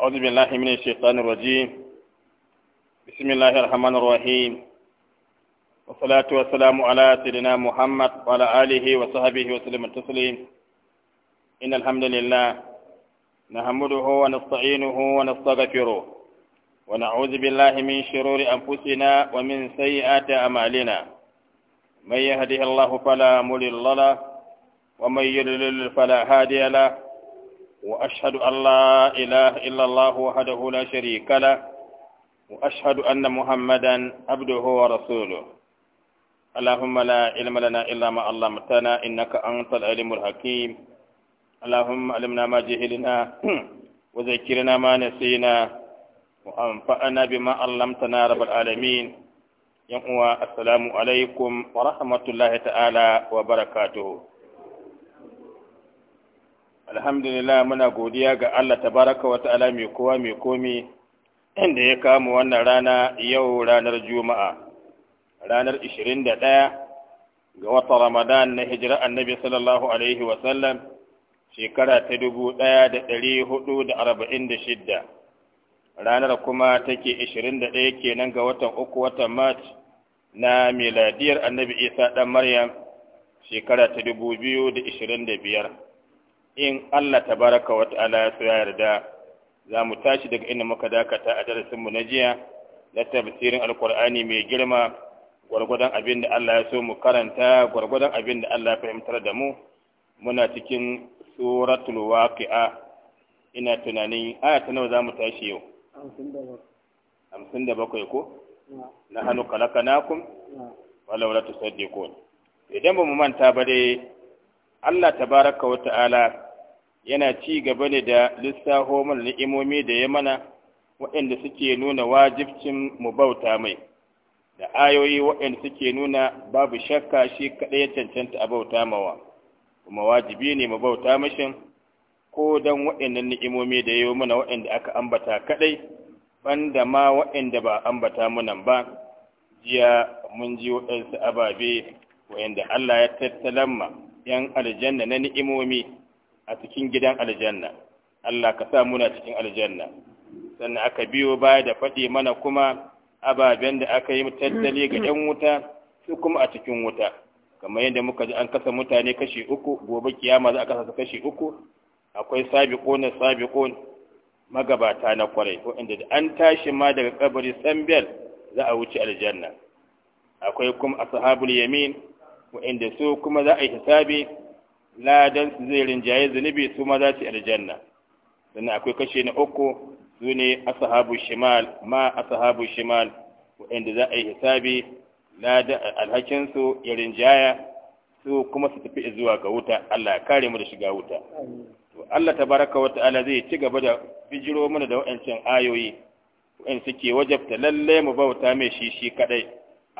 أعوذ بالله من الشيطان الرجيم بسم الله الرحمن الرحيم والصلاة والسلام على سيدنا محمد وعلى آله وصحبه وسلم التسليم إن الحمد لله نحمده ونستعينه ونستغفره ونعوذ بالله من شرور أنفسنا ومن سيئات أعمالنا من يهده الله فلا مضل له ومن يضلل فلا هادي له وأشهد أن لا إله إلا الله وحده لا شريك له وأشهد أن محمدا عبده ورسوله اللهم لا علم لنا إلا ما علمتنا إنك أنت العليم الحكيم اللهم علمنا ما جهلنا وذكرنا ما نسينا وأنفعنا بما علمتنا رب العالمين يوم السلام عليكم ورحمة الله تعالى وبركاته alhamdulillah muna godiya ga Allah tabaraka wa ta'ala mai kowa mai komi inda ya kama wannan rana yau ranar juma'a ranar 21 ga watan ramadan na hijira annabi sallallahu alaihi wa sallam shekara ta 1446 ranar kuma take 21 kenan ga watan uku watan march na miladiyar annabi isa dan maryam shekara ta 2025 in Allah baraka wa ta'ala ya so ya yarda za mu tashi daga inda muka dakata a darasinmu na jiya na tafsirin alkur'ani mai girma gwargwadon abin da Allah ya so mu karanta gwargwadon abin da Allah ya fahimtar da mu muna cikin suratul waqi'a ina tunanin aya ta nawa za mu tashi yau hamsin da bakwai ko na hannu kalakanakum walau la tusaddiqun idan ba mu manta ba dai Allah tabaraka wa ta'ala yana ci gaba ne da lissaho mana ni'imomi da ya mana waɗanda suke nuna wajibcin mu bauta mai da ayoyi waɗanda suke nuna babu shakka shi kaɗai ya cancanta a bauta mawa kuma wajibi ne mu bauta mashin ko don waɗannan ni'imomi da ya yi mana waɗanda aka ambata kaɗai banda ma waɗanda ba ambata mana ba jiya mun ji waɗansu ababe waɗanda Allah ya tattalamma 'yan aljanna na ni'imomi a cikin gidan aljanna Allah ka sa muna cikin aljanna sannan aka biyo baya da faɗi mana kuma ababen da aka yi tattali ga 'yan wuta su kuma a cikin wuta kamar yadda muka ji an kasa mutane kashi uku gobe kiyama za a kasa su kashi uku akwai na sabiqon magabata na kwarai ko inda an tashi ma daga kabari sambel za a wuce aljanna akwai kuma ashabul yamin inda su kuma za a yi hisabi ladan su zai rinjaye zunubi su ma za su aljanna sannan akwai kashe na uku su ne ashabu shimal ma ashabu shimal wanda za a yi hisabi lada alhakin su ya rinjaya su kuma su tafi zuwa ga wuta Allah ya kare mu da shiga wuta to Allah tabaraka wa ta'ala zai ci gaba da bijiro mana da wa'ancan ayoyi wa'an suke wajabta lalle mu bauta mai shi shi kadai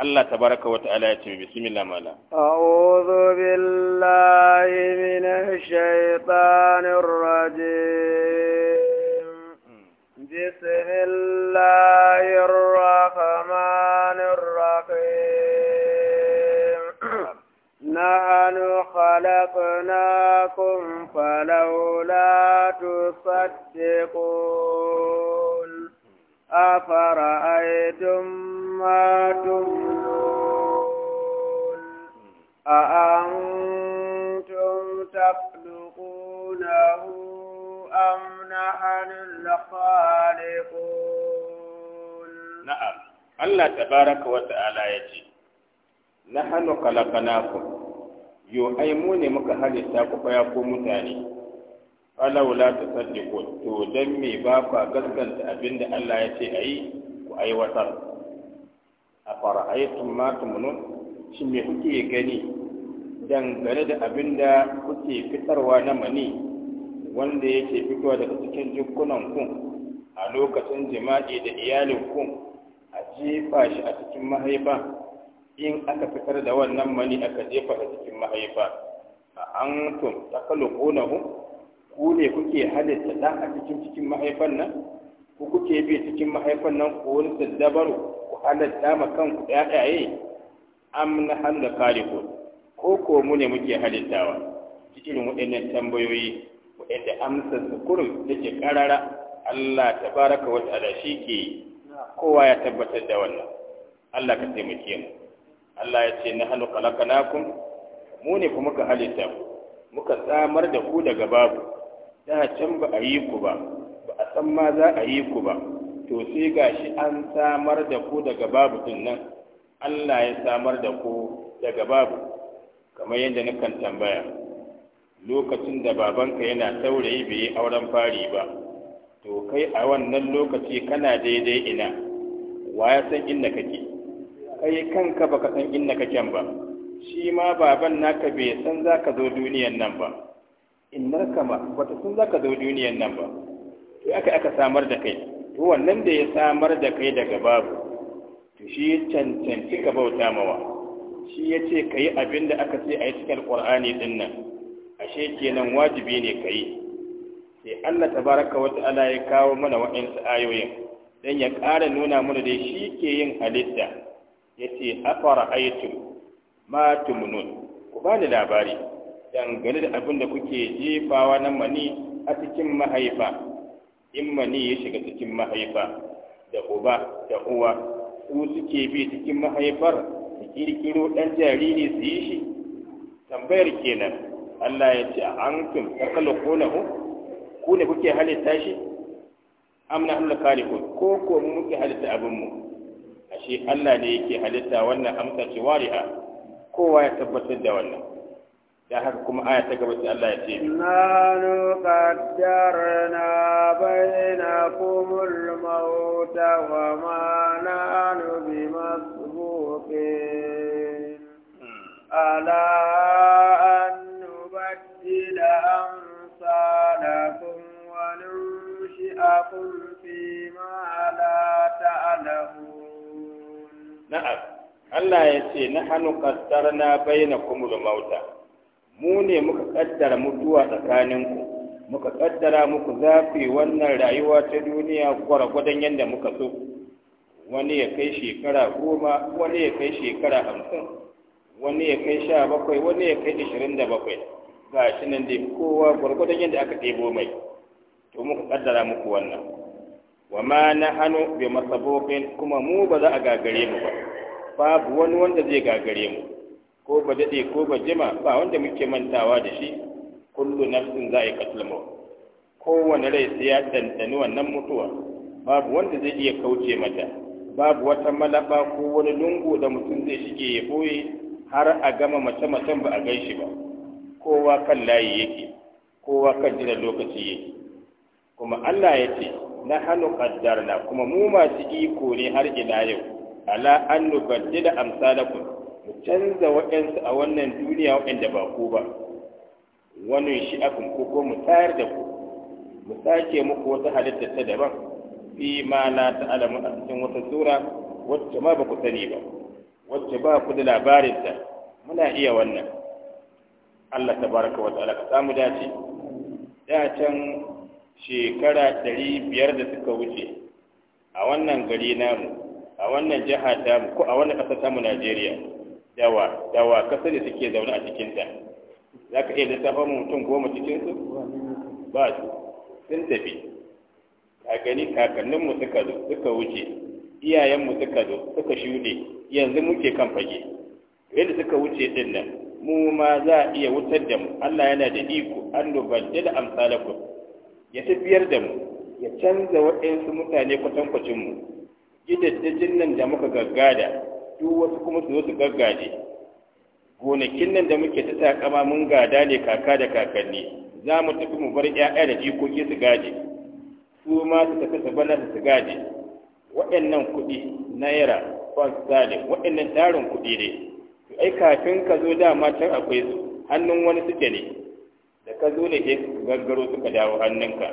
الله تبارك وتعالى بسم الله مالا أعوذ بالله من الشيطان الرجيم بسم الله الرحمن الرحيم نحن خلقناكم فلولا تصدقون أفرأيتم Allah tabaraka wa ta'ala ya ce na hannu ku. yo ai mu ne muka halitta ku ya ko mutane falawla ta ku. to don me ba ku gaskanta abinda Allah ya ce ayi ku aiwatar a fara'aytum ma tumunun shin me kuke gani dangane da abin da kuke fitarwa na mani wanda yake fitowa daga cikin jikunan ku a lokacin jima'i da iyalin ku jefa shi a cikin mahaifa in aka fitar da wannan mani aka jefa a cikin mahaifa a antum takhluqunahu ku ne kuke halitta ɗan a cikin cikin mahaifan nan ku kuke bi cikin mahaifan nan ku wani daddabaru ku halitta ma kanku ƴaƴaye am na hannu kariko ko ko mu ne muke halittawa cikin waɗannan tambayoyi waɗanda amsar su kurum take ƙarara. Allah tabaraka wata ta'ala shi ke kowa ya tabbatar da wannan Allah ka taimake mu Allah ya ce na hannu mu ne kuma ka halitta muka samar da ku daga babu da can ba a yi ku ba ba a san ma za a yi ku ba to sai gashi an samar da ku daga babu din nan Allah ya samar da ku daga babu kamar yadda nukan tambaya lokacin da babanka yana saurayi bai yi auren fari ba to kai a wannan lokaci kana daidai ina wa ya san inda kake kai kanka baka san inda kake ba shi ma baban naka bai san za ka zo duniyan nan ba innar kama bata san za ka zo duniyan nan ba to aka aka samar da kai to wannan da ya samar da kai daga babu to shi ya cancanci ka bauta mawa shi ya ce ka yi abin da aka ce a yi cikin ƙwar'ani ɗin nan ashe kenan wajibi ne ka yi sai Allah tabaraka wa ta'ala ya kawo mana waɗansu ayoyin dan ya ƙara nuna mana dai shi ke yin halitta ya yace afara aitum ma tumnun ku bani labari dangane da abin da kuke jefawa na mani a cikin mahaifa in mani ya shiga cikin mahaifa da uba da uwa su suke bi cikin mahaifar su kirkiro ɗan jariri su yi shi tambayar kenan Allah ya ce an tum ka kala ku ne kuke halitta shi am na hannun kalikun ko ko mu muke halitta abinmu ashe Allah ne yake halitta wannan amsa ce wariha kowa ya tabbatar da wannan da haka kuma aya ta gaba Allah ya ce nanu qaddarna bainakum al-maut wa ma nanu bimasbuqin hmm. ala Allah ya ce na hannu kaddar na bayyana kumul mauta mu ne muka kaddara mutuwa tsakaninku muka kaddara muku zafi wannan rayuwa ta duniya gwargwadon yadda muka so wani ya kai shekara goma wani ya kai shekara hamsin wani ya kai sha bakwai wani ya kai ashirin da bakwai ga shi nan dai kowa gwargwadon yadda aka ɗebo mai to muka kaddara muku wannan wa ma na hannu bi masabokin kuma mu ba za a gagare mu ba babu wani wanda zai gagare mu ko ba daɗe ko ba jima ba wanda muke mantawa da shi kullu nafsin za a yi kowane rai sai ya ɗanɗani wannan mutuwa babu wanda zai iya kauce mata babu wata malaba ko wani lungu da mutum zai shige ya boye. har a gama mace mace ba a gan shi ba kowa kan layi yake kowa kan jiran lokaci yake kuma allah ya ce na hannu ƙaddar na kuma mu masu iko ne har ila yau ala an da amsalakum mu canza waɗansu a wannan duniya waɗanda ba ku ba wani shi akan ko ko mu tayar da ku mu sake muku wata halitta ta daban fi ma la ta'lamu a cikin wata sura wacce ma ba ku sani ba wacce ba ku da ta muna iya wannan Allah tabaraka wa ta'ala ka samu dace dacen can shekara ɗari biyar da suka wuce a wannan gari namu a wannan jiha ta ko a wannan ƙasar tamu Najeriya dawa dawa ƙasar da suke zaune a cikin ta za ka iya lissafa mutum goma cikin su ba su sun tafi Ka gani kakanninmu suka zo suka wuce iyayenmu suka zo suka shuɗe yanzu muke kan fage yadda suka wuce din nan mu ma za a iya wutar da mu Allah yana da iko an da amsalakum ya tafiyar da mu ya canza waɗansu mutane kwatankwacin mu gidaddajin nan da muka gaggada duk wasu kuma su zo su gaggade gonakin nan da muke ta takama mun gada ne kaka da kakanni za mu tafi mu bar ƴaƴa da jikoki su gaje su ma su tafi su bana su gaje waɗannan kuɗi naira kwan sale waɗannan tarin kuɗi ne to ai kafin ka zo dama can akwai su hannun wani suke ne da ka zo ne sai su gangaro suka dawo hannunka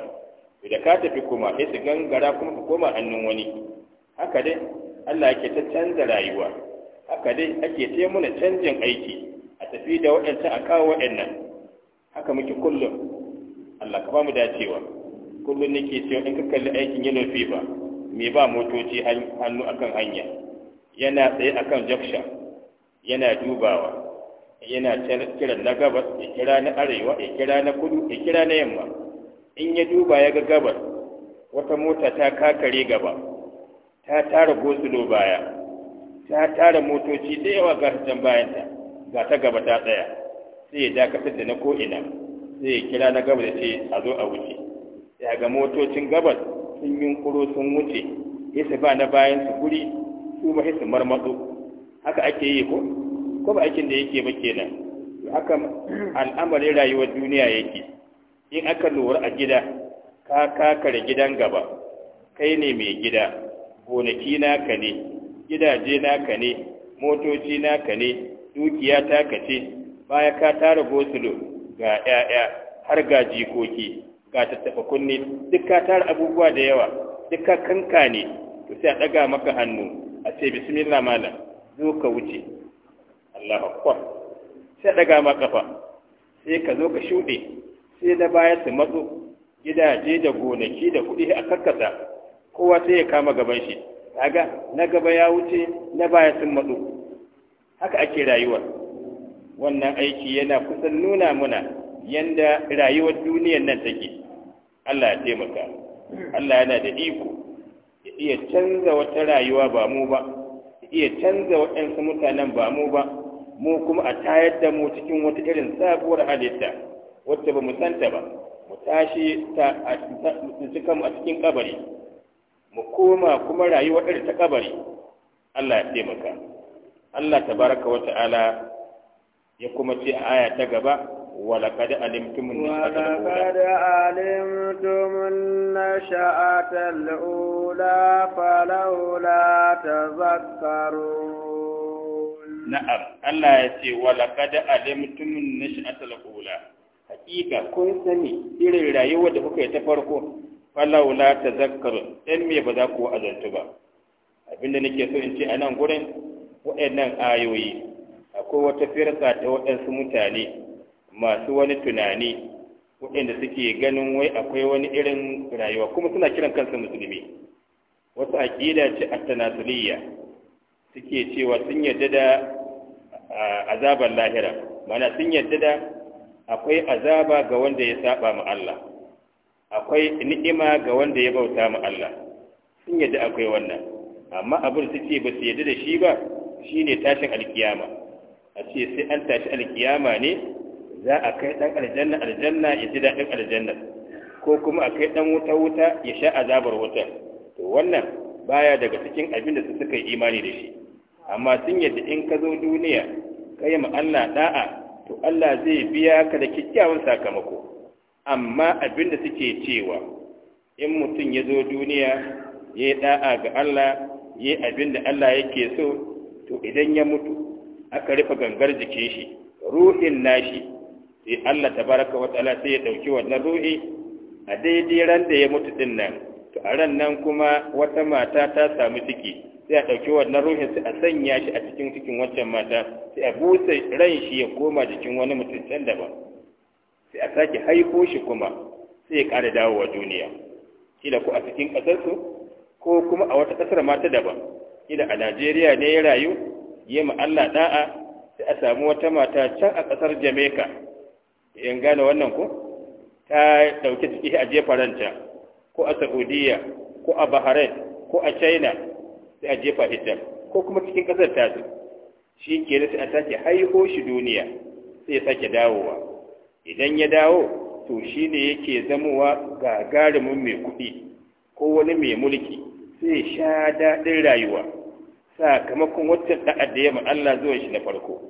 to da ka tafi kuma sai su gangara kuma ka koma hannun wani haka dai Allah yake ta canza rayuwa haka dai ake ta muna canjin aiki a tafi da waɗancan a kawo waɗannan haka muke kullum Allah ka ba mu dacewa kullum nake cewa in ka kalli aikin yellow fever me ba motoci hannu akan hanya yana tsaye akan jaksha yana dubawa yana kira na gabas ya kira na arewa ya kira na kudu ya kira na yamma in ya duba ya ga gabas wata mota ta kakare gaba ta tara gosulo baya ta tara motoci da yawa ga can bayanta ga ta gaba ta tsaya sai ya dakatar da na ko'ina sai ya kira na gaba da ce a zo a wuce ya ga motocin gabas sun kuro sun wuce ya ba na bayan su guri su ba su marmatsu haka ake yi ko ko ba aikin da yake ba kenan haka al'amarin rayuwar duniya yake in aka lura a gida ka kakare gidan gaba kai ne mai gida gonaki naka ne gidaje naka ne motoci naka ne dukiya taka ce baya ka tara gosulo ga 'ya'ya har ga jikoki ga tattafa kunne duk ka tara abubuwa da yawa duk ka kanka ne to sai a ɗaga maka hannu a ce bismillah malam zo ka wuce Allah akbar sai ɗaga ma kafa sai ka zo ka shuɗe sai na baya su matso gidaje da gonaki da kuɗi a karkasa kowa sai ya kama gaban shi kaga na gaba ya wuce na baya sun matsu haka ake rayuwa wannan aiki yana kusan nuna muna yanda rayuwar duniyar nan take Allah ya taimaka Allah yana da iko ya iya canza wata rayuwa ba mu ba ya iya canza waɗansu mutanen ba mu ba mu kuma a tayar da mu cikin wata irin sabuwar halitta wacce ba mu santa ba mu tashi ta a cikin kabari mu koma kuma rayuwar ta kabari Allah ya taimaka Allah tabaraka wa ta'ala ya kuma ce a aya ta gaba walaqad alimtum alimtum nashata alula na'am Allah ya ce hakika kun sani irin rayuwar da kuka yi ta farko falaula ta zakar ɗan me ba za ku azantu ba abinda nake so in ce a nan gurin waɗannan ayoyi akwai wata firka ta waɗansu mutane masu wani tunani waɗanda suke ganin wai akwai wani irin rayuwa kuma suna kiran kansu musulmi wasu aƙida ce a tanasuliya suke cewa sun yarda da azabar lahira mana sun yarda da akwai azaba ga wanda ya saba ma Allah akwai ni'ima ga wanda ya bauta mu Allah sun yadda akwai wannan amma abin su ce ba su yadda da shi ba shine tashin alkiyama a ce sai an tashi alkiyama ne za a kai ɗan aljanna aljanna ya ji daɗin aljanna ko kuma a kai ɗan wuta wuta ya sha azabar wuta to wannan baya daga cikin abin da su suka yi imani da shi amma sun yadda in ka zo duniya ka yi ma Allah da'a to Allah zai biya ka da kyakkyawan sakamako amma abinda suke cewa in mutum ya zo duniya ya yi da'a ga Allah ya yi abinda Allah yake so to idan ya mutu aka rufe gangar jikin shi ruhin nashi sai Allah tabaraka wa ta'ala sai ya dauki wannan ruhi a daidai ran da ya mutu din nan to a ran nan kuma wata mata ta samu ciki sai a ɗauki wannan ruhin sai a sanya shi a cikin cikin waccan mata sai a busa ran shi ya koma jikin wani mutum can daban sai a sake haifo shi kuma sai ya ƙara dawowa duniya kila ko a cikin ƙasarsu ko kuma a wata ƙasar ma daban kila a najeriya ne ya rayu ya ma allah da'a sai a samu wata mata can a ƙasar jamaica in gane wannan ko ta ɗauki ciki a jefa ranta ko a saudiya ko a bahrain ko a china sai a jefa ita ko kuma cikin ƙasar tasu shi ke sai a sake haiho shi duniya sai ya sake dawowa idan ya dawo to shi ne yake zamowa ga gagarumin mai kuɗi ko wani mai mulki sai sha daɗin rayuwa sakamakon waccan da'ad da ya Allah zuwa shi na farko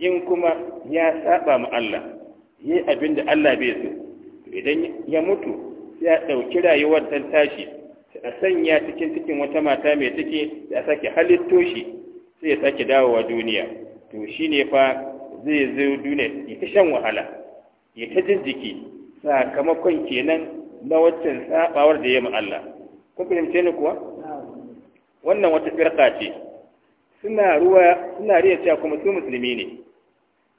in kuma ya saba ma Allah yi abin da Allah bai so to idan ya mutu sai ya ɗauki rayuwar ɗan tashi a sanya cikin cikin wata mata mai ciki da sake halittoshi, sai ya sake dawowa duniya to shi ne fa zai zo duniya ya ta shan wahala ya ta jijjiki sakamakon kenan na waccan sabawar da ya ma Allah kun fahimce ni kuwa wannan wata firka ce suna ruwa suna riya cewa kuma su musulmi ne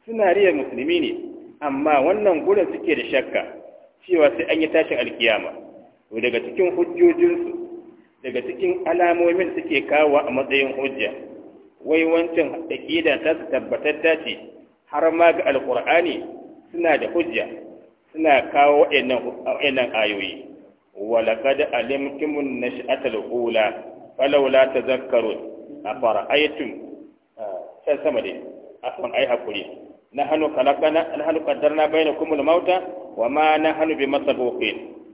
suna riya musulmi ne amma wannan gurin suke da shakka cewa sai an yi tashin alkiyama daga cikin hujjojinsu daga cikin alamomin suke kawo a matsayin hujja wai wancan aƙida ta tabbatar ta ce har ma ga alƙur'ani suna da hujja suna kawo wa'annan ayoyi walaƙad alimtumun na sha'atar hula falawla ta zakaru a fara ayatun ah, can sama dai afon ai hakuri na hannu kalakana na hannu kaddar na kuma da mauta wa ma na hannu bi masa boke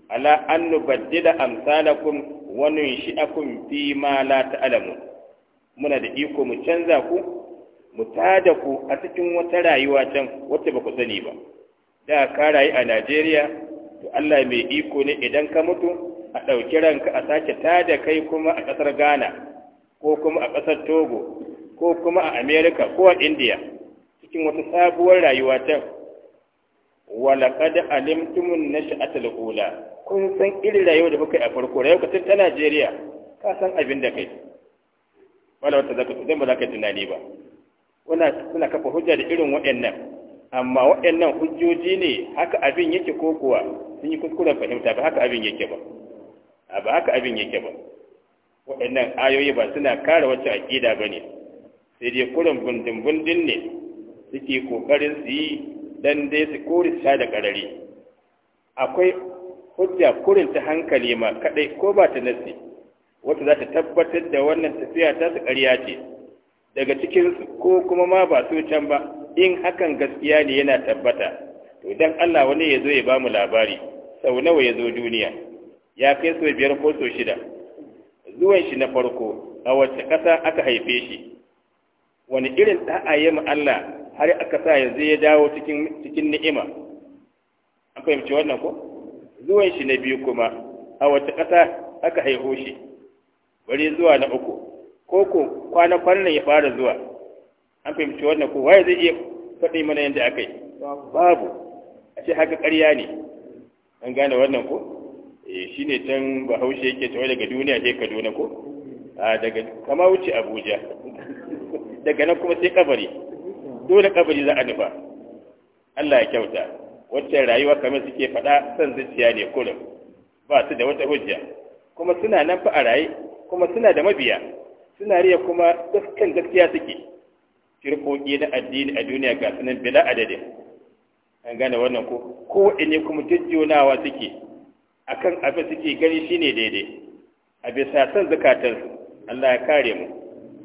ala annu baddila amsalakum wa nunshi'akum fi ma la ta'lamu muna da iko mu canza ku mu tada ku a cikin wata rayuwa can wacce ba ku sani ba da ka rayu a Najeriya to Allah mai iko ne idan ka mutu a ɗauki ranka a sake tada kai kuma a ƙasar Ghana ko kuma a ƙasar Togo ko kuma a America ko a India cikin wata sabuwar rayuwa can walaƙad alimtumun nash'atul ula kun san irin rayuwa da kuka yi a farko rayuwa ta Najeriya ka san abin da kai wala wata zaka ba za ka tunani ba suna kafa hujja da irin waɗannan amma waɗannan hujjoji ne haka abin yake ko kuwa sun yi kuskuren fahimta ba haka abin yake ba ba haka abin yake ba waɗannan ayoyi ba suna kare wacce aƙida ba ne sai dai kurin bundin-bundin ne suke ƙoƙarin su yi dan dai su kori sha da ƙarari akwai hujja kurin ta hankali ma kaɗai ko ba ta nasi wata za ta tabbatar da wannan tafiya ta su ƙarya ce daga cikinsu ko kuma ma ba so can ba in hakan gaskiya ne yana tabbata to dan Allah wani ya zo ya bamu labari sau nawa ya zo duniya ya kai sau biyar ko sau shida zuwan shi na farko a wacce ƙasa aka haife shi wani irin da'a ya Allah har aka sa yanzu ya dawo cikin cikin ni'ima an fahimci wannan ko zuwan shi na biyu kuma a wacce ƙasa aka haihu shi bari zuwa na uku ko ko kwana-kwanan ya fara zuwa an fahimci wannan ko waye zai iya faɗi mana yadda aka yi babu a ce haka ƙarya ne an gane wannan ko eh, shi ne can bahaushe yake tsawai daga duniya sai kaduna ko a ah, daga kama wuce abuja daga nan kuma sai kabari dole kabari za a nufa allah ya kyauta wacce rayuwa kamar suke faɗa son zuciya ne kullum ba su da wata hujja kuma suna nan fa a raye kuma suna da mabiya suna riya kuma dukkan gaskiya suke firkoki na addini a duniya ga sunan bila adadin an gane wannan ko ne kuma jajjonawa suke akan abin suke gani shine daidai a bisa san zakatarsu Allah ya kare mu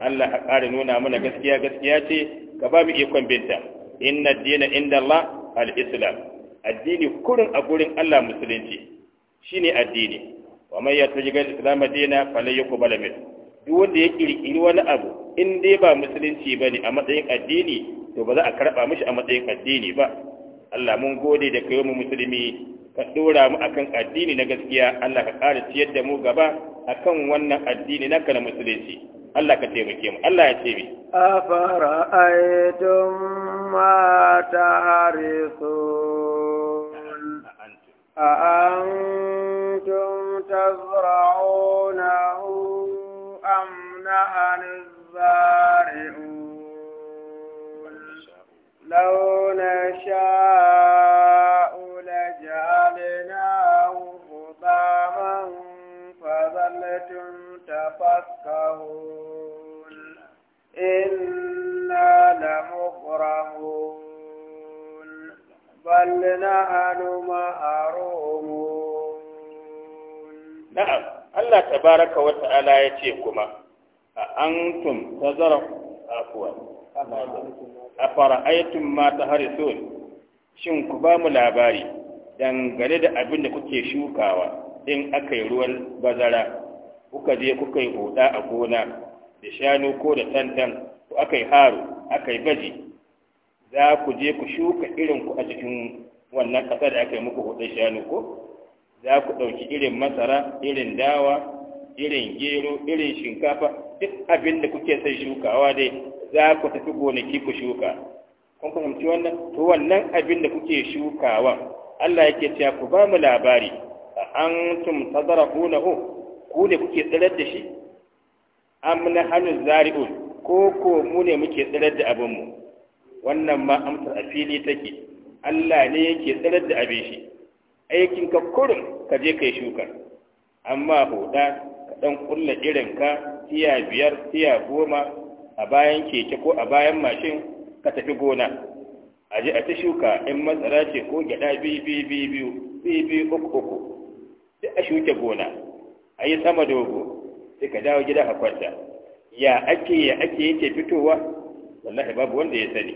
Allah ya kare nuna mana gaskiya gaskiya ce ka ba mu ikon binta inna dina inda Allah al-islam addini kurin a gurin Allah musulunci shine addini wa man yattaji gal islam dina falyakubala min duk wanda ya kirkiri wani abu in dai ba musulunci ne a matsayin addini to ba za a karba mashi a matsayin addini ba Allah mun gode da kai mu musulmi ka dora mu akan addini na gaskiya Allah ka ƙara ciyar da mu gaba akan wannan addini na kana musulunci Allah ka taimake mu Allah ya ce mi afara'aytum ma tahrisun a antum tazra'unahu نحن الزارعون لو نشاء لجعلناه خطاما فظلتم تفكهون إنا لمغرمون بل نحن محرومون نعم Allah tabaraka wa ta'ala ya ce kuma a antum tazara afwa afara aitum ma taharisun shin ku ba mu labari dangane da abin da kuke shukawa din aka yi ruwan bazara kuka je kuka yi hoda a gona da shanu ko da tantan ko aka yi akai aka baji za ku je ku shuka irinku a cikin wannan ƙasa da aka yi muku hudun shanu ko za ku ɗauki irin masara irin dawa irin gero irin shinkafa duk abin da kuke sai shukawa dai za ku tafi gonaki ku shuka kun fahimci wannan to wannan abin da kuke shukawa Allah yake cewa ku ba mu labari antum tazrafunahu ku ne kuke tsirar da shi am nahnu zari'un ko ko mu ne muke tsirar da abin mu wannan ma amsar afili take Allah ne yake tsirar da abin shi aikin ka kurum ka je kai shuka amma hoda ka dan kulla irin ka tiya biyar tiya goma a bayan keke ko a bayan mashin ka tafi gona a ji a ta shuka in matsara ce ko gyada biyu biyu biyu uku uku duk a shuke gona a yi sama dogo sai ka dawo gida a kwanta ya ake ya ake yake fitowa wallahi babu wanda ya sani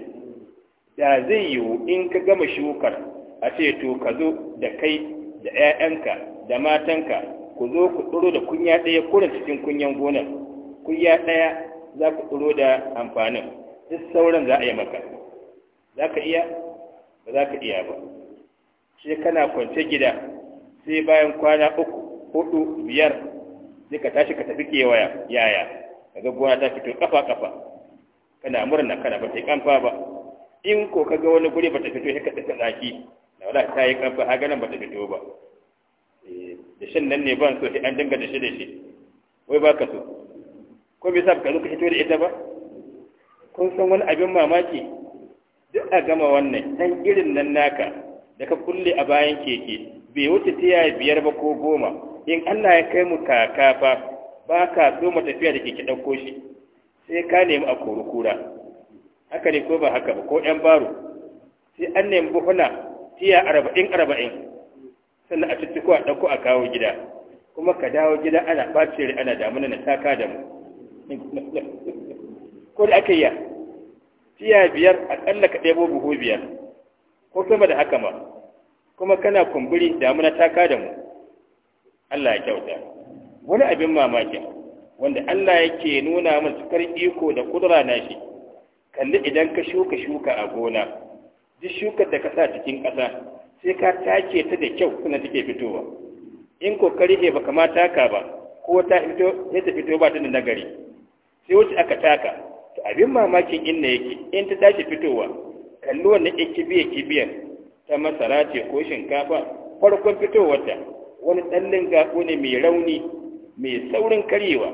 da zai yiwu in ka gama shukar a ce to ka zo da kai da 'ya'yanka da matanka ku zo ku tsoro da kunya ɗaya kurin cikin kunyan gonar kunya ɗaya za ku tsoro da amfanin duk sauran za a yi maka za ka iya ba za ka iya ba shi kana kwance gida sai bayan kwana uku hudu biyar sai ka tashi ka tafi kewaya yaya kaga gona ta fito kafa kafa kana murna kana ba ta yi kamfa ba in ko ka ga wani guri ba ta fito sai ka tafi tsaki da wala ta yi kamfa a ganin ba ta fito ba da shin nan ne ban so sai an dinga da shi da shi wai ba ka so ko bai sa ka zo ka fito da ita ba kun san wani abin mamaki duk a gama wannan dan irin nan naka da ka kulle a bayan keke bai wuce tiya biyar ba ko goma in Allah ya kai mu kaka fa ba ka so mu tafiya da keke ɗauko shi sai ka nemi a kori kura haka ne ko ba haka ba ko ƴan baro sai an nemi buhuna tiya arba'in arba'in sannan a cikin a ɗauko a kawo gida kuma ka dawo gida ana ɓace da ana damuna na taka da mu ko da aka yi tiya biyar ƙalla ka ɗebo buhu biyar ko sama da haka ma kuma kana kumburi damuna taka da mu Allah ya kyauta wani abin mamaki wanda Allah yake nuna min cikar iko da kudura na shi kalli idan ka shuka shuka a gona duk shukar da ka sa cikin ƙasa sai ka take ta da kyau kuna take fitowa in kokari ne ba ma taka ba ko ta fito sai ta fito ba ta da nagari sai wuce aka taka to abin mamakin inna yake in ta tashi fitowa kallo wannan ikibiya kibiyar ta masara ce ko shinkafa farkon ta wani ɗan lingaƙo ne mai rauni mai saurin karyewa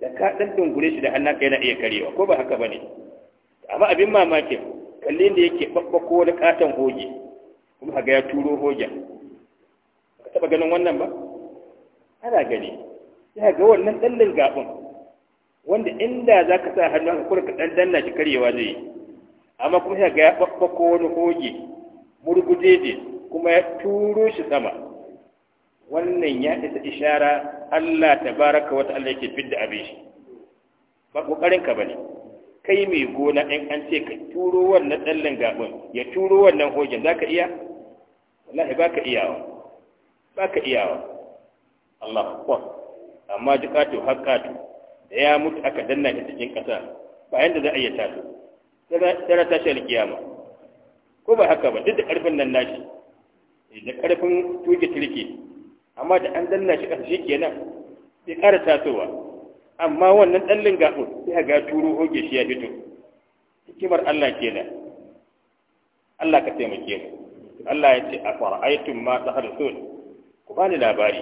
da ka ɗan dungure shi da hannun kai na iya karyewa ko ba haka bane ne amma abin mamakin kalli da yake ko wani ƙaton goge. kuma a ya turo hoja ka taɓa ganin wannan ba ana gani ya ga wannan ɗallin gaɓin wanda inda za ka sa hannu haka kura ka ɗan danna shi karyewa zai yi amma kuma ya ga ya ɓaɓɓako wani hoge murguje-je kuma ya turo shi sama wannan ya isa ishara Allah tabaraka wa ta'ala yake fidda abin shi ba kokarin ka bane kai mai gona in an ce ka turo wannan dallin gabon ya turo wannan hojin zaka iya wallahi baka iyawa baka iyawa Allah akbar amma Jikatu haƙƙatu da ya mutu aka danna shi cikin ƙasa bayan da za a yi tara ta shi alkiyama ko ba haka ba duk da ƙarfin nan nashi eh, da ƙarfin tuki turke amma da an danna shi kasa shi kenan bai kara tasowa amma wannan ɗan lingaɓo sai ga turo hoge shi ya fito hikimar Allah kenan Allah ka taimake mu Allah ya ce a fara'aitun ma tsakar sun ku ba ni labari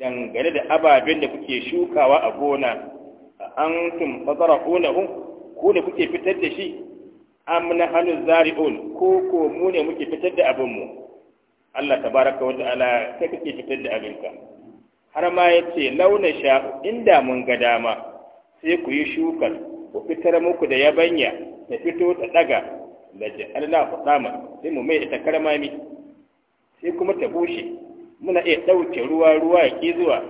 dangane da ababen da kuke shukawa a gona a antum hun ku ne kuke fitar da shi am na zari zari'un ko ko mu ne muke fitar da abinmu Allah ta baraka wata ala kai kake fitar da abinka har ma ce launa sha inda mun ga dama sai ku yi shukar ku fitar muku da yabanya ta fito ta daga laje Allah fadama sai mu mai ita karmami sai kuma ta bushe muna iya ɗauke ruwa ruwa ya zuwa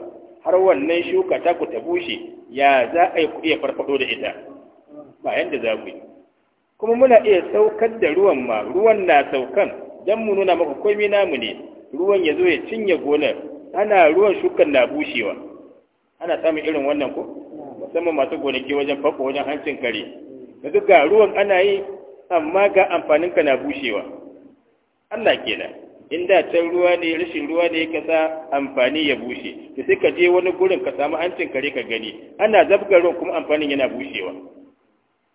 har wannan shuka ta ku ta bushe ya za a yi ku iya farfado da ita ba yanda za ku yi kuma muna iya saukar da ruwan ma ruwan na saukan dan mu nuna maka komai namu ne ruwan ya zo ya cinye gonar ana ruwan shukan na bushewa ana samun irin wannan ko musamman masu gonaki wajen fako wajen hancin kare da duk ga ruwan ana yi amma ga amfaninka na bushewa Allah kenan in da can ruwa ne rashin ruwa ne ka sa amfani ya bushe to sai ka je wani gurin ka samu hancin kare ka gani ana zabgarin kuma amfanin yana bushewa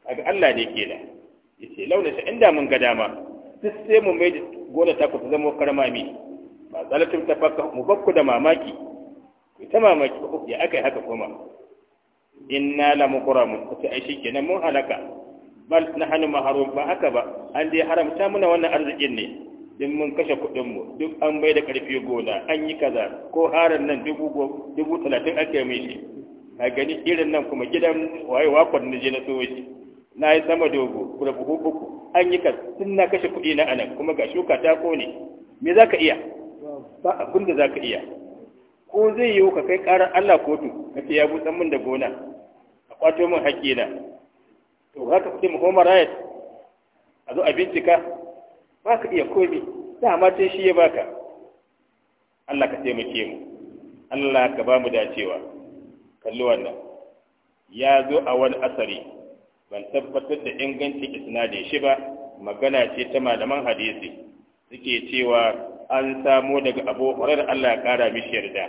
kaga Allah ne kenan yace launa shi inda mun ga dama duk sai mu mai gona ta ku ta zama mi ba zalatin fakka mu bakku da mamaki Ku ita mamaki oh, ya aka yi haka kuma inna lamukramu ta kace ai mun halaka bal nahnu maharum ba haka ba an dai haramta muna wannan arzikin ne din mun kashe kuɗin mu duk an bai da karfi gona an yi kaza ko haran nan dubu dubu talatin ake mai shi a gani irin nan kuma gidan waye wakon na je na so shi na yi sama dogo kura buhu uku an yi kaza tun na kashe kuɗi na anan kuma ga shuka ta kone me za ka iya ba abin da za ka iya ko zai yiwu ka kai ƙarar allah kotu ka ce ya busan min da gona a kwato min haƙƙina to haka kuke mu human right a zo a bincika ba ka iya komi dama tun shi ya baka Allah ka taimake mu Allah ka ba mu dacewa kalli wannan ya zo a wani asari ban tabbatar da ingancin isnadin shi ba magana ce ta malaman hadisi suke cewa an samo daga abu hurairar Allah ya kara mishi yarda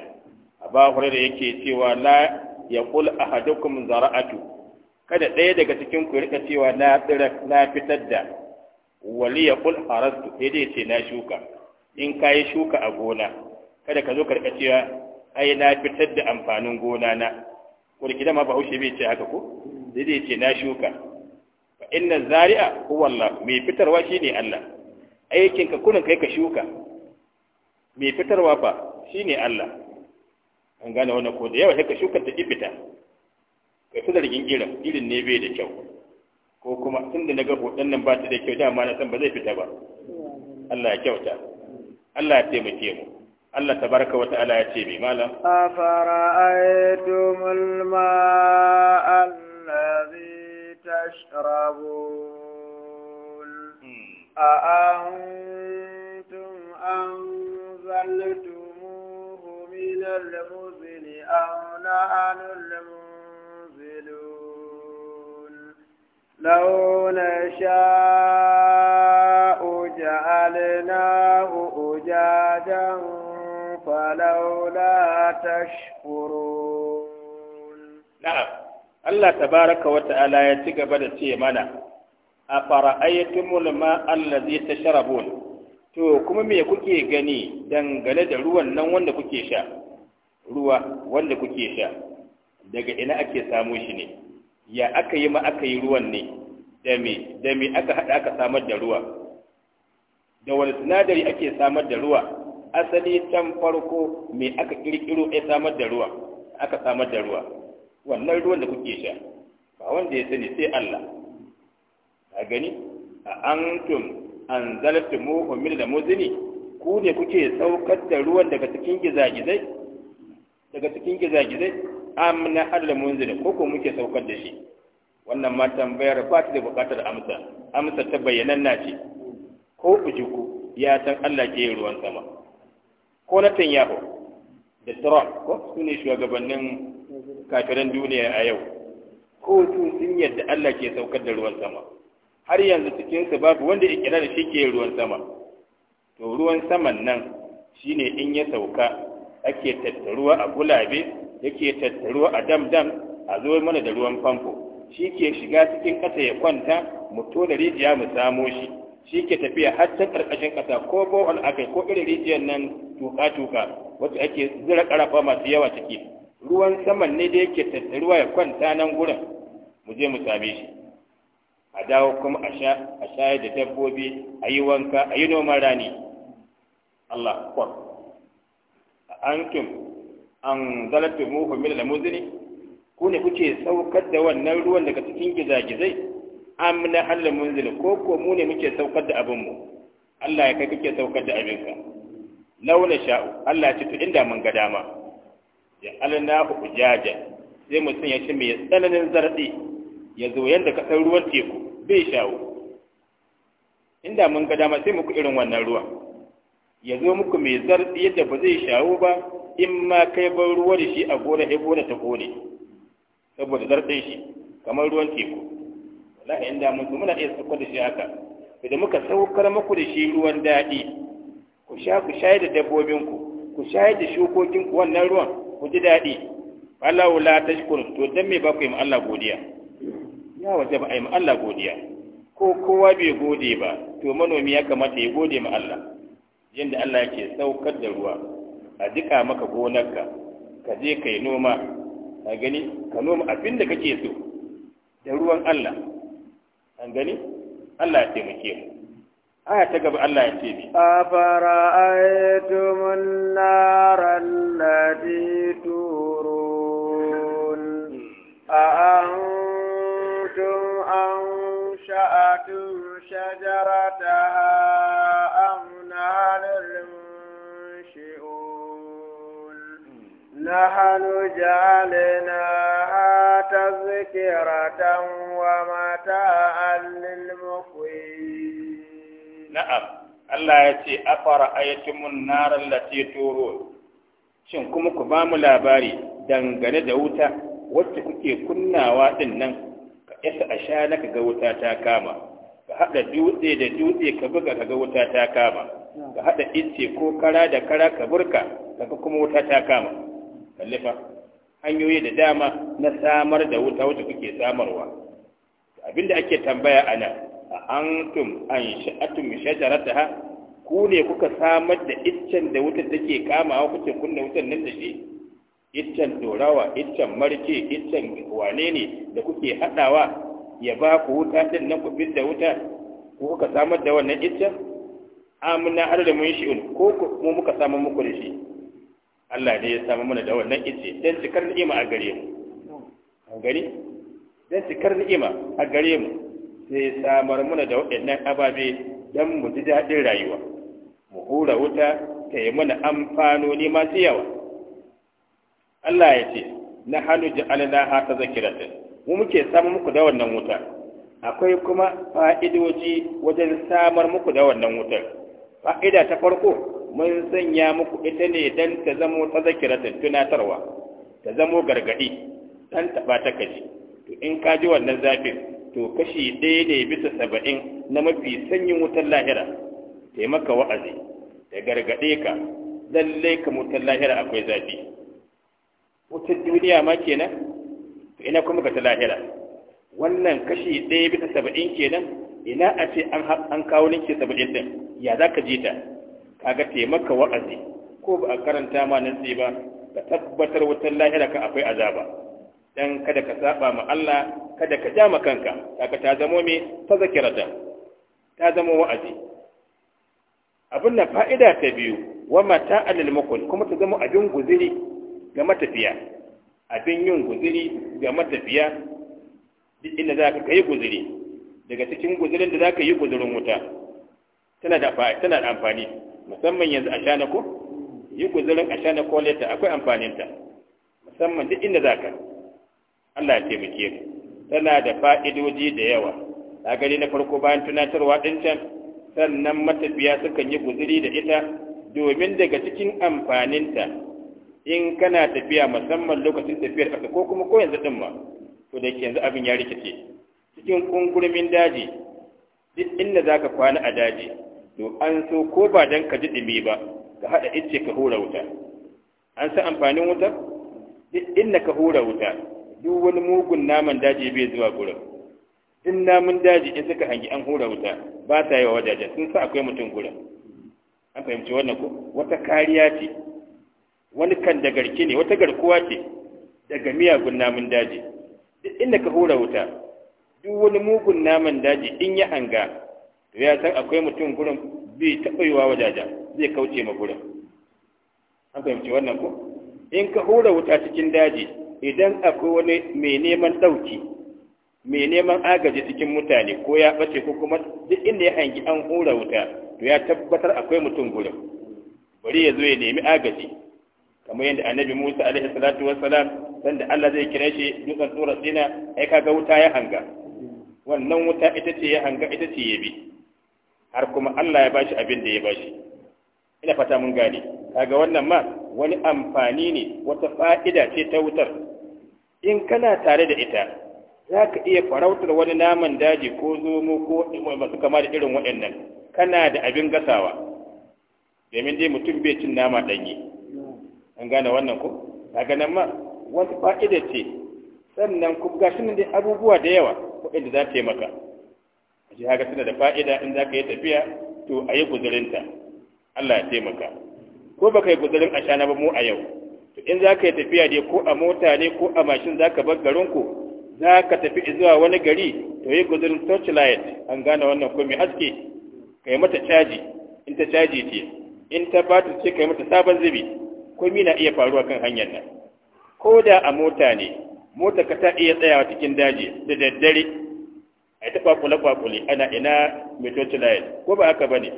abu hurairar yake cewa la yaqul ahadukum zara'atu kada ɗaya daga cikin ku rika cewa na tsira na fitar da wali ya kul harastu sai dai ce na shuka in ka yi shuka a gona kada ka zo ka rika cewa ai na fitar da amfanin gona na kurki ma bahaushe bai ce haka ko sai dai ce na shuka fa inna zari'a huwa Allah mai fitarwa shine Allah aikin ka kunin kai ka shuka mai fitarwa fa shine Allah an gane wannan ko da yawa sai ka shuka ta ibita kai ta zargin irin irin ne bai da kyau ko kuma tun da na ga hoton nan ba ta da kyau dama na san ba zai fita ba Allah ya kyauta Allah ya taimake mu Allah tabaraka wa ta'ala ya ce mai malam afara'aytumul ma'a allazi tashrabun a antum anzaltumuhu min al-muzni aw nahnu muzni لو نشاء جعلناه أجاجا فلولا تشكرون نعم الله تبارك وتعالى يتقبل لتيمنا أفرأيتم الماء الذي تشربون to kuma me kuke gani dangane da ruwan nan wanda kuke sha ruwa wanda kuke sha daga ina ake samu shi ne ya aka yi ma aka yi ruwan ne da me da me aka haɗa aka samar da ruwa da wani sinadari ake samar da ruwa asali can farko me aka kirkiro ya samar da ruwa aka samar da ruwa wannan ruwan da kuke sha ba wanda ya sani sai Allah a gani a antum anzaltumuhu min al-muzni ku ne kuke saukar da ruwan daga cikin gizagizai daga cikin gizagizai am har da munzil ko ko muke saukar da shi wannan ma tambayar ba ta da bukatar amsa amsa ta bayyana na ce ko ujuku ya san Allah ke ruwan sama ko na Tanyahu da Trump ko su ne shugabannin kafiran duniya a yau ko su sun yadda Allah ke saukar da ruwan sama har yanzu cikin su babu wanda ya kira da shi ke ruwan sama to ruwan saman nan shine in ya sauka ake tattaruwa a gulabe yake tattaruwa a dam-dam a zo mana da ruwan famfo shi ke shiga cikin ƙasa ya kwanta mu da rijiya mu samo shi shi ke tafiya har ta ƙarƙashin ƙasa ko bohol akai ko irin rijiyar nan tuka-tuka wacce ake zira ƙarafa masu yawa ciki ruwan saman ne da yake tattaruwa ya kwanta nan gurin mu je mu same shi a dawo kuma a sha a shayar da dabbobi a yi wanka a yi noman rani Allah kwar a antum an zalatu muhu min al-muzni ku ne kuke saukar da wannan ruwan daga cikin gizagizai am na halal munzil ko ko mu ne muke saukar da abin mu Allah ya kai kake saukar da abinka launa sha'u Allah ya ce to inda mun ga dama ya ku ujaja sai mutun ya ci mai tsananin zardi ya zo yanda ka san ruwan teku bai sha'u inda mun ga dama sai muku irin wannan ruwan ya zo muku mai zarfi yadda ba zai shawo ba in ma kai ban ruwa da shi a gona ya gona ta kone saboda zarfin shi kamar ruwan teku wallahi inda mun su muna iya saukar da shi haka idan muka saukar muku da shi ruwan daɗi ku sha ku shayar da dabbobinku ku shayar da shukokinku wannan ruwan ku ji daɗi Allah la tashkur to dan me ba ku yi Allah godiya ya waje ba a yi Allah godiya ko kowa bai gode ba to manomi ya kamata ya gode ma Allah yadda Allah ke saukar da ruwa a jika maka gonarka ka je ka yi noma a gani ka noma abin da kake so da ruwan Allah an gani Allah ya taimake mu aya ta gaba Allah ya ce bi afara aytumun naran lati turun a antum an sha'atu shajarata نحن جعلناها تذكرة ومتاعا للمقوين نعم الله يتي أفرأيتم النار التي تورون shin kuma ku bamu labari dangane da wuta wacce kuke kunnawa din nan ka isa a sha na ga wuta ta kama ka haɗa dutse da dutse ka buga ka ga wuta ta kama ka haɗa ice ko kara da kara ka burka ka kuma wuta ta kama kallifa hanyoyi da dama na samar da wuta wacce kuke samarwa abinda ake tambaya a nan a antum an sha'atum shajarataha ku ne kuka samar da iccen da wutar take wa kuke kunna wutar nan da shi iccen dorawa iccen marke iccen wane ne da kuke haɗawa ya ba ku wuta din nan ku fidda wuta ku kuka samar da wannan iccen amina har da mun shi'un ko mu muka samar muku da shi Allah ne ya samu mana da wannan ice dan cikar ni'ima a gare mu an dan cikar ni'ima a gare mu sai samar mana da waɗannan ababe dan mu ji daɗin rayuwa mu hura wuta ta yi mana amfanoni masu yawa Allah ya ce na hannu ji'alina ha ta zakiratan mu muke samu muku da wannan wuta akwai kuma fa'idoji wajen samar muku da wannan wutar fa'ida ta farko mun sanya muku ita ne dan ta zamo ta zakiratan tunatarwa ta zamo gargadi dan taba ta kaji to in ka ji wannan zafin to kashi ɗaya ne bisa saba'in na mafi sanyin wutar lahira ta maka wa'azi Da gargaɗe ka lalle ka wutar lahira akwai zafi wutar duniya ma kenan to ina kuma ka ta lahira wannan kashi ɗaya bisa saba'in kenan ina a ce an kawo ninki saba'in din ya za ka ji ta kaga taimaka wa'azi ko ba a karanta ma nasi ba ka tabbatar wutar lahira ka akwai azaba dan kada ka saba ma Allah kada ka ja kanka kaga ta zamo me ta zakirata ta zamo wa'azi abin da fa'ida ta biyu wa mata alil mukul kuma ta zama abin guziri ga matafiya abin yin guziri ga matafiya duk inda za ka yi guziri daga cikin guzirin da za ka yi guzirin wuta tana da amfani musamman yanzu a shana ko yi guzurin a shana ko leta akwai amfaninta musamman duk inda za ka Allah ya taimake ka tana da fa'idoji da yawa ta gani na farko bayan tunatarwa ɗin can sannan matafiya sukan yi guzuri da ita domin daga cikin amfaninta in kana tafiya musamman lokacin tafiyar ka ko kuma ko yanzu ɗin ma to da yanzu abin ya rikice cikin kungurmin daji duk inda za ka kwana a daji to an so ko ba dan ka ji ɗumi ba ka haɗa icce ka hura wuta an san amfanin wuta duk inda ka hura wuta duk wani mugun naman daji bai zuwa gurin in namun daji in suka hangi an hura wuta ba sa yi wa wajajen sun sa akwai mutum gurin an fahimci wannan ko wata kariya ce wani kan da garki ne wata garkuwa ce daga miyagun namun daji duk inda ka hura wuta duk wani mugun naman daji in ya hanga to ya san akwai mutum gurin bi taɓa yiwa wajajen zai kauce ma gurin an fahimci wannan ko in ka hura wuta cikin daji idan akwai wani mai neman ɗauki mai neman agaji cikin mutane ko ya ɓace ko kuma duk inda ya hangi an hura wuta to ya tabbatar akwai mutum gurin bari ya zo ya nemi agaji kamar yadda annabi Musa alaihi salatu wassalam dan da Allah zai kira shi dutsen tsura tsina ai kaga wuta ya hanga wannan wuta ita ce ya hanga ita ce ya bi har kuma Allah ya bashi abin da ya bashi ina fata mun gane kaga wannan ma wani amfani ne wata fa'ida ce ta wutar in kana tare da ita za ka iya farautar wani naman daji ko zomo ko masu kama da irin waɗannan kana da abin gasawa domin dai mutum bai cin nama ɗanye an gane wannan ko kaga nan ma wata fa'ida ce sannan ku gashi nan abubuwa da yawa waɗanda za ta yi maka shi haka tana da fa'ida in za ka yi tafiya to a yi guzurinta Allah ya taimaka ko baka yi guzurin a shana ba mu a yau to in za ka yi tafiya dai ko a mota ne ko a mashin za ka bar garinku za ka tafi zuwa wani gari to yi guzurin torchlight an gane wannan ko mai haske ka yi mata caji in ta caji ce in ta batu ce ka yi mata sabon zubi ko na iya faruwa kan hanyar nan ko da a mota ne mota ka ta iya tsayawa cikin daji da daddare a ta kwakule kwakule ana ina methotrolide ko ba haka ba ne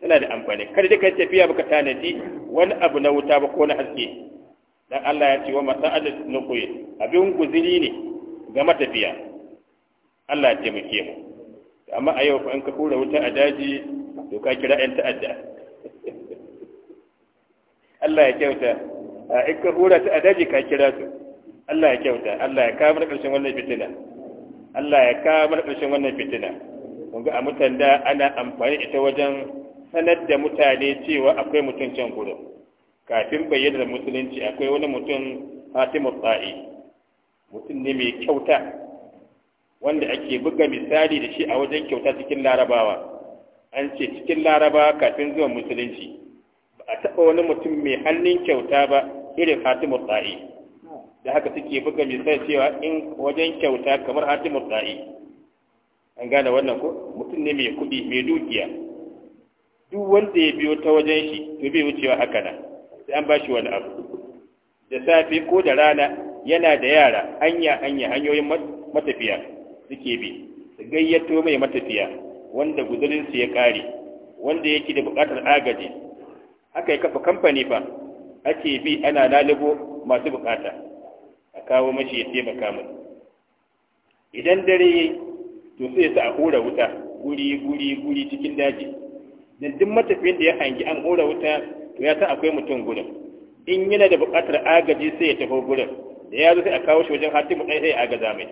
tana da amfani kada duka fiya baka tanadi wani abu na wuta ba ko na haske dan Allah ya ce wa masa'al nuqi abin guziri ne ga matafiya Allah ya taimake mu amma a yau in ka kura wuta a daji to ka kira ɗan ta'adda Allah ya kyauta in ka kura ta a daji ka kira su Allah ya kyauta Allah ya kawo mana ƙarshen wannan fitina Allah ya kawo mana ƙarshen wannan fitina kun ga a mutan da ana amfani ita wajen sanar da mutane cewa akwai mutum can gurin kafin bayyana da musulunci akwai wani mutum hatimu tsa'i mutum ne mai kyauta wanda ake buga misali da shi a wajen kyauta cikin larabawa an ce cikin larabawa kafin zuwa musulunci ba a taɓa wani mutum mai hannun kyauta ba irin hatimu tsa'i da haka suke buga misali cewa in wajen kyauta kamar hatimu murtai an gane wannan ko mutum ne mai kuɗi mai dukiya duk wanda ya biyo ta wajen shi to bai wucewa haka na sai an bashi wani abu da safe ko da rana yana da yara hanya hanya hanyoyin matafiya suke bi su gayyato mai matafiya wanda guzurinsu ya ƙare wanda yake da buƙatar agaji haka ya kafa kamfani fa ake bi ana lalubo masu buƙata a kawo mashi ya taimaka mai idan dare yayi to sai sa a hura wuta guri guri guri cikin daji dan duk da ya hangi an hura wuta to ya san akwai mutum gurin in yana da buƙatar agaji sai ya tafi gurin da ya zo sai a kawo shi wajen hatimu ɗaya sai ya agaza mai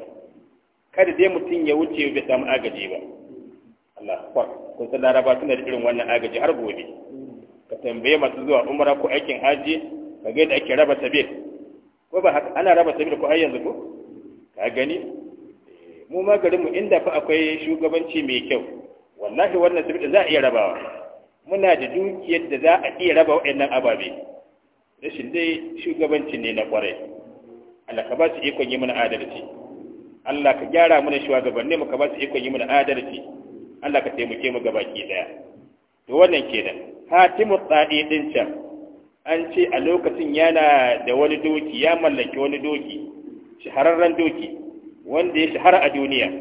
kada dai mutum ya wuce bai samu agaji ba Allah kwar kun san laraba suna da irin wannan agaji har gobe ka tambaye masu zuwa umara ko aikin haji ka ga yadda ake raba sabir ko ba haka ana raba sabida ko har yanzu ko ka gani eh, mu ma garinmu inda fa akwai shugabanci mai kyau wallahi wannan sabida za a iya rabawa muna da dukiyar da za a iya raba waɗannan ababe rashin dai shugabanci ne na kwarai Allah ka ba su ikon yi mana adalci Allah ka gyara mana shugabanni mu ka ba su ikon yi mana adalci Allah ka taimake mu gabaki daya to wannan kenan hatimu tsadi din can an ce a lokacin yana da wani doki ya mallaki wani doki shahararren doki wanda ya shahara a duniya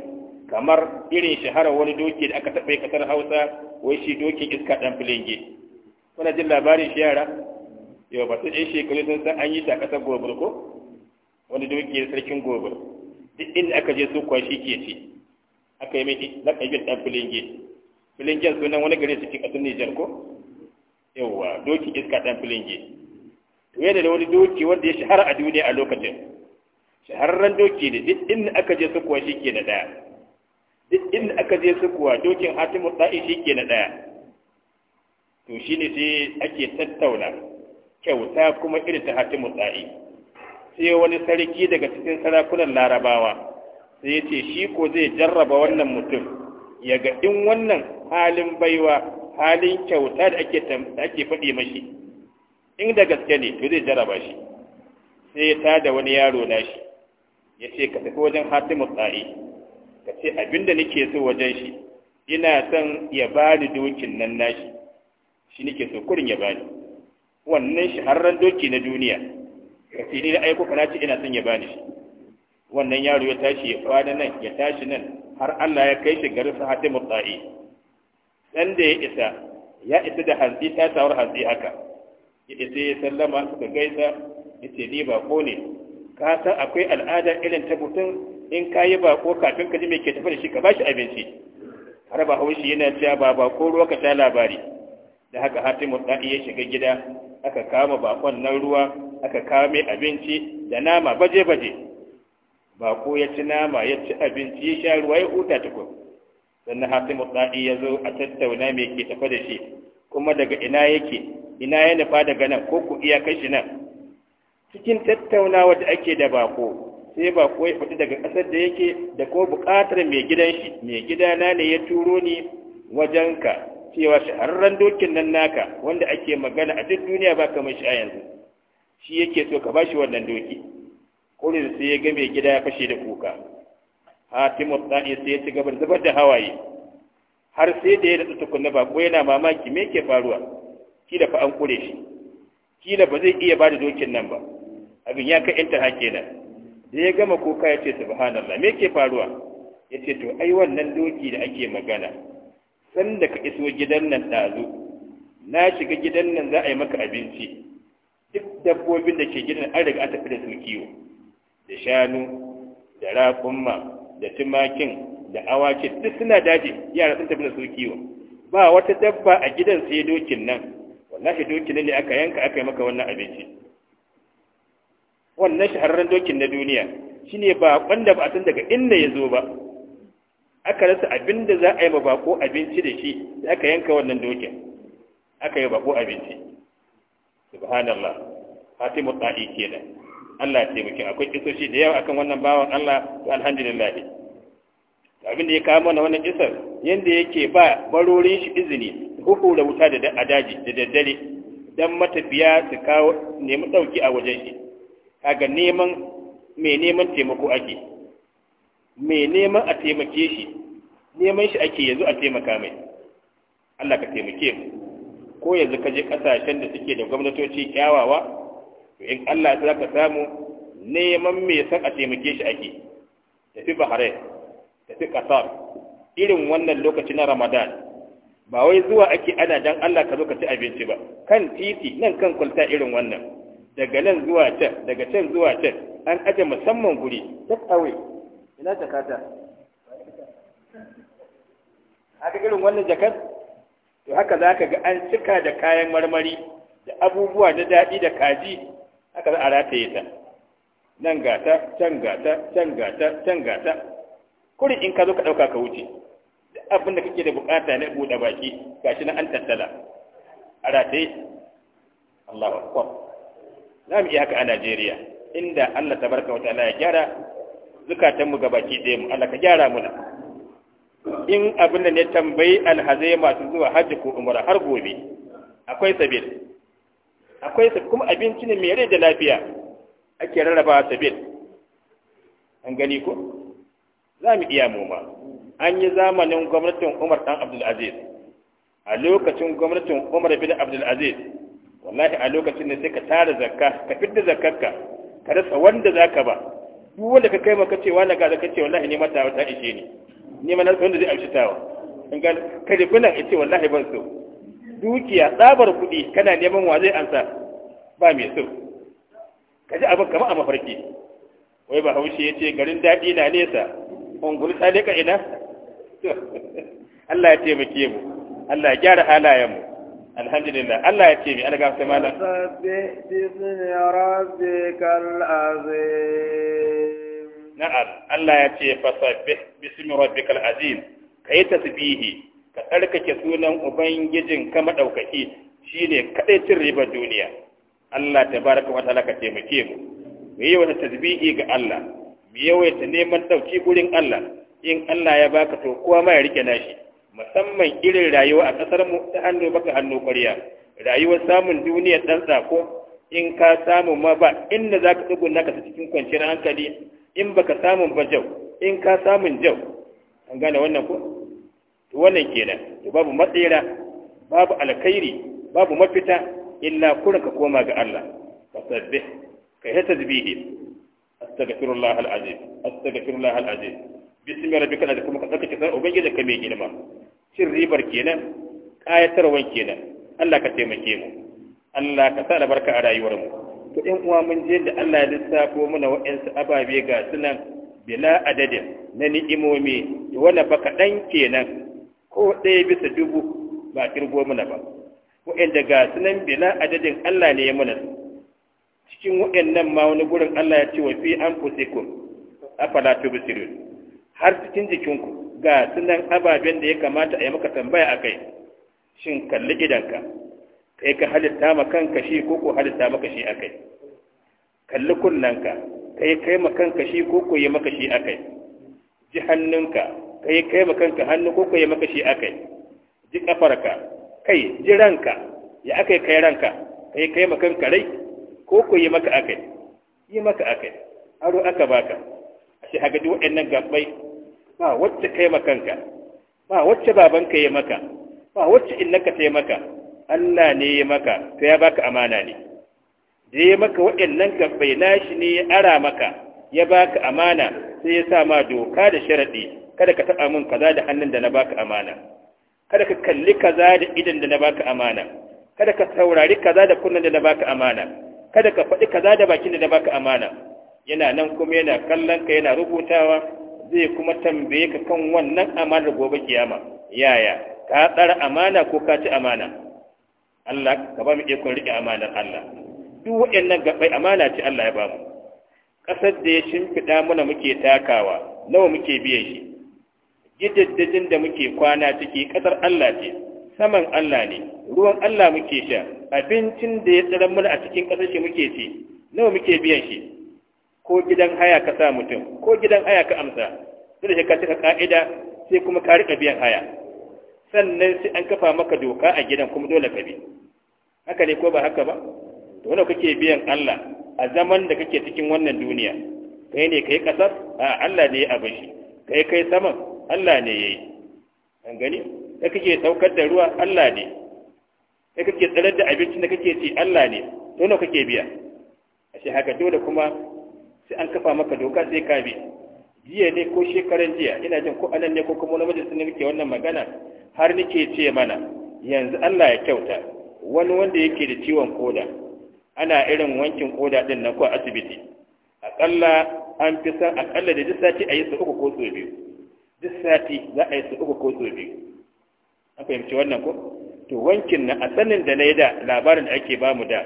kamar irin shahara wani doki da aka taɓa kasar hausa wai shi dokin iska ɗan filinge kuna jin labarin shi yara yau ba su ɗin shekaru sun san an yi ta ƙasar gobir ko wani doki ya sarkin gobir duk inda aka je su kuwa shi ke ci aka yi mai laƙabin ɗan filinge filingen sunan wani gari cikin ƙasar nijar ko yawwa doki iska ɗan filinge to yana da wani doki wanda ya shahara a duniya a lokacin shahararren doki ne duk inda aka je sukuwa shi ke na ɗaya duk inda aka je sukuwa dokin hatimu ɗa'i shi ke na ɗaya to shi ne sai ake tattauna kyauta kuma irin ta hatimu ɗa'i sai wani sarki daga cikin sarakunan larabawa sai ya ce shi ko zai jarraba wannan mutum ya ga in wannan halin baiwa halin kyauta da ake da ake faɗi mashi in da gaske ne to zai jaraba shi sai ya tada wani yaro nashi ya ce ka tafi wajen hatimu tsa'i ka ce abinda nake so wajen shi ina son ya ni dokin nan nashi shi nake so kurin ya bani wannan shahararren doki na duniya ka ce ni da aiko kana ce ina son ya bani shi wannan yaro ya tashi ya kwana nan ya tashi nan har Allah ya kai shi garin sa hatimu tsa'i dan da ya isa ya isa da hantsi ta tawar hantsi haka ya isa ya sallama suka gaisa ya ce ni bako ne ka san akwai al'ada irin ta mutum in ka yi bako kafin ka ji mai ke tafi da shi ka ba shi abinci har ba haushi yana cewa ba bako ruwa ka sha labari da haka hatimu ɗa'i ya shiga gida aka kama bakon nan ruwa aka kawo mai abinci da nama baje-baje bako ya ci nama ya ci abinci ya sha ruwa ya huta tukun sannan hasimu sa'i ya zo a tattauna me ke tafa da shi kuma daga ina yake ina ya nufa daga nan ko ku iya kai nan cikin tattaunawa da ake da bako sai bako ya fita daga ƙasar da yake da ko buƙatar mai gidan shi mai gidana ne ya turo ni wajenka cewa shahararren dokin nan naka wanda ake magana a duk duniya ba kamar shi a yanzu shi yake so ka bashi wannan doki kurin sai ya ga mai gida ya fashe da kuka hatimu tsani sai ya ci gaba da zubar da hawaye har sai da ya da tukunna ba ko yana mamaki me ke faruwa kila fa an kure shi kila ba zai iya bada dokin nan ba abin ya kai intaha kenan da ya gama kuka ya ce subhanallah me ke faruwa ya ce to ai wannan doki da ake magana san da ka iso gidan nan ɗazu na shiga gidan nan za a yi maka abinci duk dabbobin da ke gidan an riga aka tafi da su kiwo da shanu da raƙumma da tumakin da awakin duk suna daji yara sun tafi da su kiwo ba wata dabba a gidan sai dokin nan wallahi dokin ne aka yanka aka yi maka wannan abinci wannan shahararren dokin na duniya shine ba wanda ba a san daga inda ya zo ba aka rasa abin da za a yi ma bako abinci da shi da aka yanka wannan dokin aka yi bako abinci subhanallah fatimu ta'i kenan Allah ya taimake akwai kisoshi da yawa akan wannan bawan Allah to alhamdulillah abin da ya kawo mana wannan kisar yanda yake ba barorin shi izini huhu da wuta da adaji da daddare dan matafiya su kawo nemi dauki a wajen shi kaga neman me neman taimako ake me neman a taimake shi neman shi ake yanzu a taimaka mai Allah ka taimake mu ko yanzu ka je kasashen da suke da gwamnatoci kyawawa to in Allah ya ka samu neman me san a taimake shi ake tafi bahare tafi Qatar irin wannan lokaci na Ramadan ba wai zuwa ake ana dan Allah ka zo ka ci abinci ba kan titi nan kan kwalta irin wannan daga nan zuwa can daga can zuwa can an aje musamman guri duk awe ina jakata haka irin wannan jakar to haka za ka ga an cika da kayan marmari da abubuwa na daɗi da kaji aka za a rataye ta nan gata can gata can gata can gata kuri in ka zo ka ɗauka ka wuce duk abin da kake da bukata na buɗe baki gashi na an tattala a rataye Allahu akbar za mu iya haka a Najeriya inda Allah tabaraka wa ta'ala ya gyara zukatanmu ga baki ɗaya mu Allah ka gyara mu in abin da ne tambayi alhazai masu zuwa hajji ko umara har gobe akwai sabir akwai kuma abinci ne mai rai da lafiya ake rarraba sabil an gani ko za mu iya mu ma an yi zamanin gwamnatin umar dan abdulaziz a lokacin gwamnatin umar bin abdulaziz wallahi a lokacin da sai ka tara zakka ka fidda zakkarka ka rasa wanda za ka ba duk wanda ka kai maka cewa na gaza ka ce wallahi ne mata ta ishe ni ni ma na wanda zai amshi tawa in ga ka ce wallahi ban so dukiya tsabar kuɗi kana neman wa zai ansa ba mai so ka ji abin kama a mafarki wai ba haushe ya ce garin daɗi na nesa ungul ta leka ina Allah ya ce mu Allah ya gyara halayen mu alhamdulillah Allah ya ce mi an gamsa mala na'ar Allah ya ce fasabbih bismi rabbikal azim kai tasbihi ka tsarkake sunan ubangijin ka shi ne kaɗai cin ribar duniya Allah ta baraka wata ka taimake mu mu yi wata tasbihi ga Allah mu yawaita neman ɗauki gurin Allah in Allah ya baka to kowa ma ya rike nashi musamman irin rayuwa a ƙasar mu ta hannu baka hannu ƙwarya rayuwar samun duniya ɗan sako in ka samu ma ba inda za ka tsugunna ka cikin kwanciyar hankali in baka samun ba jau in ka samun jau an gane wannan ko to wannan kenan to babu matsira babu alkhairi babu mafita illa kurin ka koma ga Allah fasabbih ka yi tasbihi astaghfirullah alazim astaghfirullah alazim bismi rabbika da kuma ka tsaka ta ubangiji ka mai girma cin ribar kenan ayatarwan kenan Allah ka taimake mu Allah ka sa albarka a rayuwar mu to ɗan uwa mun je da Allah ya lissafo mana wa'ansu ababe ga sunan bila adadin na ni'imomi to wala baka dan kenan ko ɗaya bisa dubu ba a kirgo mana ba wa'anda ga sunan bina adadin Allah ne ya mana cikin wa'annan ma wani gurin Allah ya ce wa fi an fusikum afala tubsirun har cikin jikinku ga sunan ababen da ya kamata a yi maka tambaya a kai. shin kalli idanka kai ka halitta ma kanka shi ko ko halitta maka shi kai. kalli kunnanka kai kai ma kanka shi ko ko yi maka shi kai. ji hannunka kai kai ma kanka hannu ko kai maka shi akai ji kafarka kai ji ranka ya akai kai ranka kai kai ma kanka rai ko ka yi maka akai yi maka akai aro aka baka shi haka duk waɗannan gabbai ba wacce kai ma kanka ba wacce babanka ya maka ba wacce innaka ta maka Allah ne ya maka to ya baka amana ne da ya maka waɗannan gabbai nashi ne ya ara maka ya baka amana sai ya sa ma doka da sharaɗi kada ka taɓa min kaza da hannun da na baka amana kada ka kalli kaza da idan da na baka amana kada ka saurari kaza da kunnen da na baka amana kada ka faɗi kaza da bakin da na baka amana yana nan kuma yana kallon ka yana rubutawa zai kuma tambaye ka kan wannan amanar gobe kiyama yaya ka tsara amana ko ka ci amana Allah ka ba mu iko riƙe amanar Allah duk waɗannan gabai amana ce Allah ya ba mu ƙasar da ya shimfiɗa mana muke takawa nawa muke biye shi gidaddajin da muke kwana ciki ƙasar Allah ce saman Allah ne ruwan Allah muke sha abincin da ya tsara mana a cikin ƙasar shi muke ci nawa muke biyan shi ko gidan haya ka sa mutum ko gidan haya ka amsa sai da ka cika ka'ida sai kuma ka riƙa biyan haya sannan sai an kafa maka doka a gidan kuma dole ka bi haka ne ko ba haka ba to nawa kake biyan Allah a zaman da kake cikin wannan duniya kai ne kai kasar a Allah ne ya abin shi kai kai saman Allah ne ya yi an gani da kake saukar da ruwa Allah ne da kake tsarar da abincin da kake ci Allah ne to nawa kake biya a shi haka dole kuma sai an kafa maka doka sai ka bi jiya ne ko shekaran jiya ina jin ko anan ne ko kuma wani majalisa ne muke wannan magana har nake ce mana yanzu Allah ya kyauta wani wanda yake da ciwon koda ana irin wankin koda din nan ko asibiti Aƙalla an fi san aƙalla da duk sati a yi sau uku ko sau biyu duk sati za a yi su uku ko su biyu an fahimci wannan ko to wankin na a sanin da na yi da labarin da ake ba mu da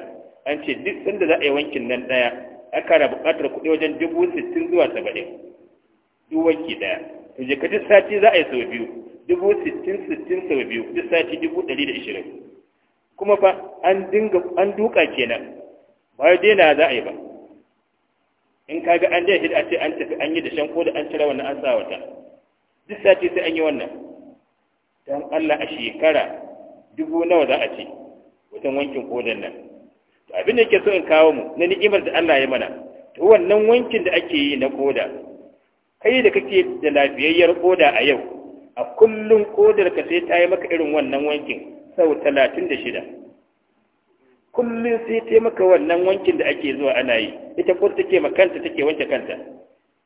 an ce duk sanda za a yi wankin nan ɗaya aka na buƙatar kuɗi wajen dubu sittin zuwa saba'in duk wanki ɗaya to je ka duk sati za a yi sau biyu dubu sittin sittin sau biyu duk sati dubu ɗari da ishirin kuma fa an dinga an duka kenan ba daina za a yi ba in kaga an daina shi da a ce an tafi an yi da shan ko da an cire wannan an sa wata duk sati sai an yi wannan don Allah a shekara dubu nawa za a ce wajen wankin kodan nan to abin da yake so in kawo mu na ni'imar da Allah ya mana to wannan wankin da ake yi na koda kai da kake da lafiyayyar koda a yau a kullum kodar ka sai ta yi maka irin wannan wankin sau talatin da shida kullum sai ta maka wannan wankin da ake zuwa ana yi ita ko take ma kanta take wanke kanta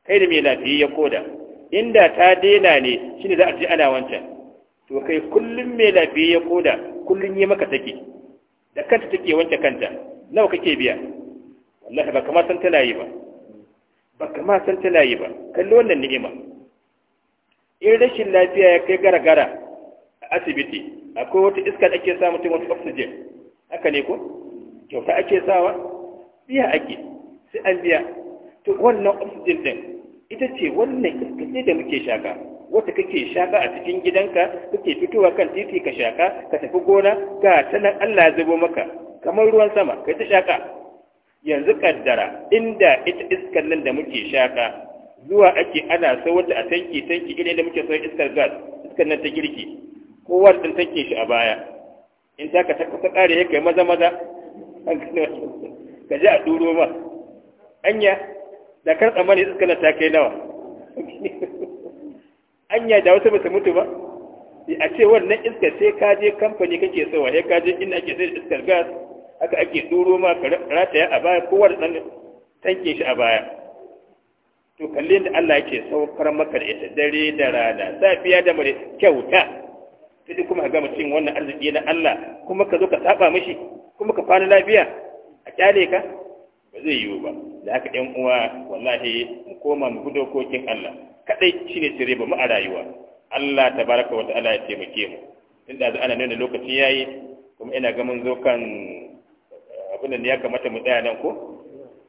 kai da mai lafiya ya koda inda ta daina ne shi ne za a ji ana wancan to kai kullum mai lafiya ya koda kullum yi maka take da kanta take wanke kanta nawa kake biya wallahi ba kama san tana yi ba ba kama san tana yi ba kalli wannan ni'ima in rashin lafiya ya kai gara-gara a asibiti akwai wata iska da ake samu mutum wata oxygen haka ne ko kyauta ake sawa biya ake sai an biya to wannan oxygen din ita ce wannan iskace da muke shaka wata kake shaka a cikin gidanka kake fitowa kan titi ka shaka ka tafi gona ga ta Allah ya zubo maka kamar ruwan sama kai ta shaka yanzu kaddara inda ita iskar nan da muke shaka zuwa ake ana sai wata a tanki tanki idan da muke so iskar gas iskar nan ta girki kowa din tanki shi a baya in ta ka ta kare ya kai maza maza ka ji a duro ma anya da kar tsammani iska na ta kai nawa anya da wasu ba mutu ba a ce wannan iska sai ka je kamfani kake sowa sai ka je inda ake sai iskar gas haka ake duro ma rataya a baya ko da dan tanke shi a baya to kalle da Allah yake saukar maka da ita dare da rana safiya da mare kyauta sai kuma ga mutum wannan arziki na Allah kuma ka zo ka saba mishi kuma ka fara lafiya a kyale ka ba zai yiwu ba da haka ɗan uwa wallahi mu koma mu bi dokokin Allah kadai shine sirri ba mu a rayuwa Allah tabaraka wa ta'ala ya taimake mu Tun da ana nuna lokaci yayi kuma ina ga mun zo kan eh, abin da ya kamata mu tsaya nan ko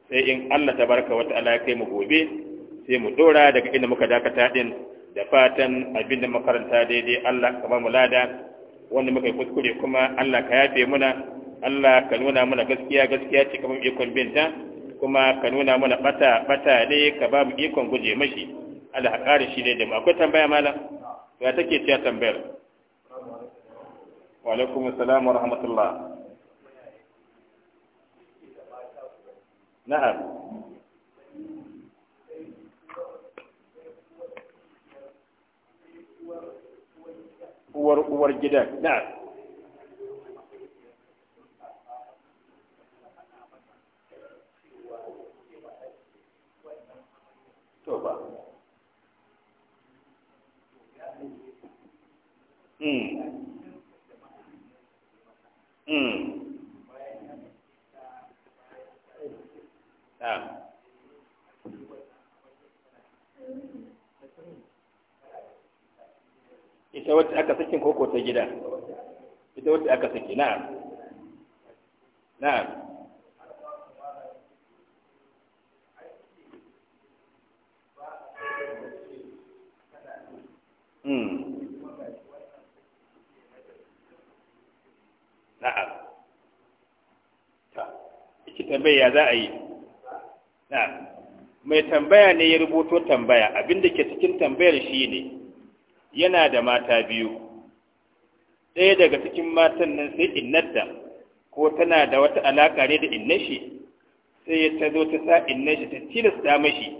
sai in Allah tabaraka wa ta'ala ya kai mu gobe sai mu dora daga inda muka dakata din da fatan abin da makaranta daidai Allah ka ba mu lada wanda muka yi kuskure kuma Allah ka yafe muna Allah ka nuna mana gaskiya gaskiya ce kamar ikon binta kuma ka nuna mana bata bata ne ka ba mu ikon guje mashi Allah ka kare shi ne da mu akwai tambaya malam ya take cewa tambayar wa alaikum assalam wa rahmatullah na'am uwar uwar gidan na'am to ba mm mm ah ita wacce aka sakin koko ta gida ita wacce aka saki na'am na'am Hmm. na'am iki za a yi mai tambaya ne ya rubuto tambaya Abin da ke cikin tambayar shi ne yana da mata biyu ɗaya daga cikin matan nan sai innarta ko tana da wata alaƙa ne da innashi sai ya ta zo ta sa innashi ta tilasta mashi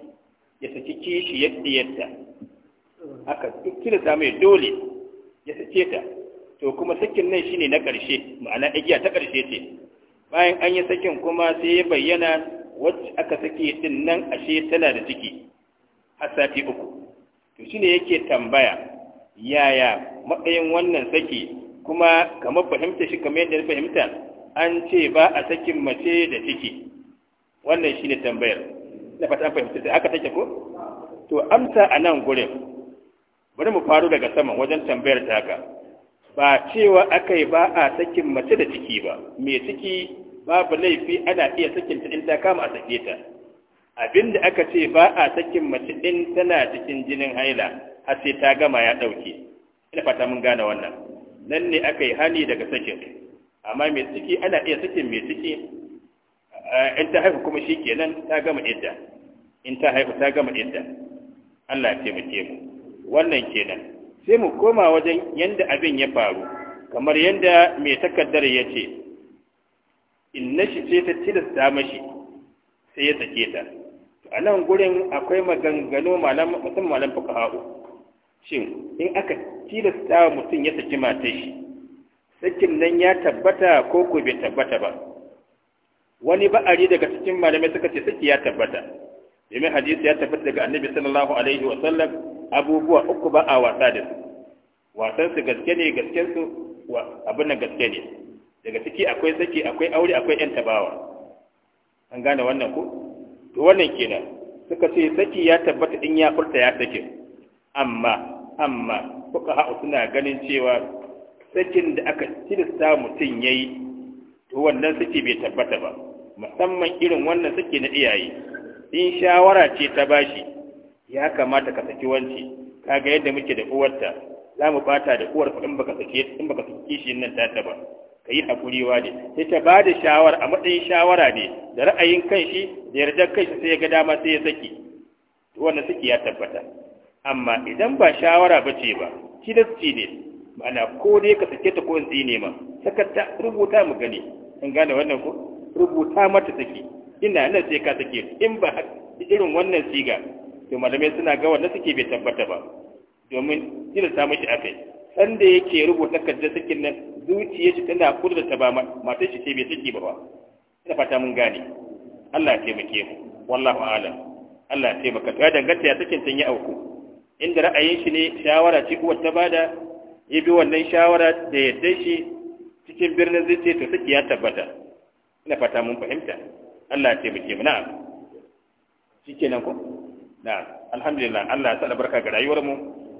ya saki kishi yadda yadda aka ta mai dole ya sace ta to kuma sakin nan shine na ƙarshe ma'ana igiya ta ƙarshe ce bayan an yi sakin kuma sai ya bayyana wacce aka sake din nan ashe tana da ciki har sati uku to shine yake tambaya yaya matsayin wannan saki kuma kamar fahimta shi kamar yadda fahimta an ce ba a sakin mace da ciki wannan shine tambayar na fata fahimta sai aka take ko to amsa a nan gurin bari mu faru daga sama wajen tambayar taka ba cewa aka yi ba a sakin mace da ciki ba mai ciki babu laifi ana iya sakin ta in ta kama a sake ta abinda aka ce ba a sakin mace in tana cikin jinin haila har sai ta gama ya ɗauke ina fata mun gane wannan nan ne aka yi hani daga sakin amma mai ciki ana iya sakin mai ciki eh, in ta haihu kuma shi kenan ta gama idda in ta haihu ta gama idda Allah ya taimake mu wannan kenan sai mu koma wajen yanda abin ya faru kamar yanda mai takaddar ya ce inna shi ce ta tilasta mashi sai ya sake ta a nan gurin akwai maganganu musamman malam fuka shin in aka tilasta wa mutum ya saki mata shi sakin nan ya tabbata ko ko bai tabbata ba wani ba'ari daga cikin malamai suka ce saki ya tabbata domin hadisi ya tabbata daga annabi sallallahu alaihi wa sallam abubuwa uku ba a wasa da su wasan su gaske ne gasken su wa abin nan gaske ne daga ciki akwai saki akwai aure akwai yan tabawa an gane wannan ku to wannan kenan suka ce saki ya tabbata in ya furta ya sake amma amma kuka ha'u suna ganin cewa sakin da aka tilasta mutum yayi to wannan saki bai tabbata ba musamman irin wannan saki na iyaye in shawara ce ta bashi ya kamata ka saki wanci kaga yadda muke da uwarta za mu bata da uwar in baka saki in baka saki shi nan ta ba ka yi hakuri wa ne sai ta ba da shawara a matsayin shawara ne da ra'ayin kan shi da yardar kan shi sai ya ga dama sai ya saki wannan saki ya tabbata amma idan ba shawara ba ce ba tilasti ne ma'ana ko dai ka sake ta ko in tsine ma sakata rubuta mu gani in gane wannan ko rubuta mata saki ina nan sai ka sake in ba irin wannan siga to malamai suna ga wanda suke bai tabbata ba domin kila ta mashi a kai san da yake rubuta kaddar sakin nan zuciya shi tana ta ba matar shi ce bai saki ba ba ina fata mun gane Allah ya taimake mu wallahi a'lam Allah ya taimaka ya danganta ya sakin tun ya auku inda ra'ayin shi ne shawara ce kuwa ta bada ya bi wannan shawara da yadda shi cikin birnin zai ce to saki ya tabbata ina fata mun fahimta Allah ya taimake mu na'am shikenan ko na'am alhamdulillah Allah ya sa albarka ga rayuwar mu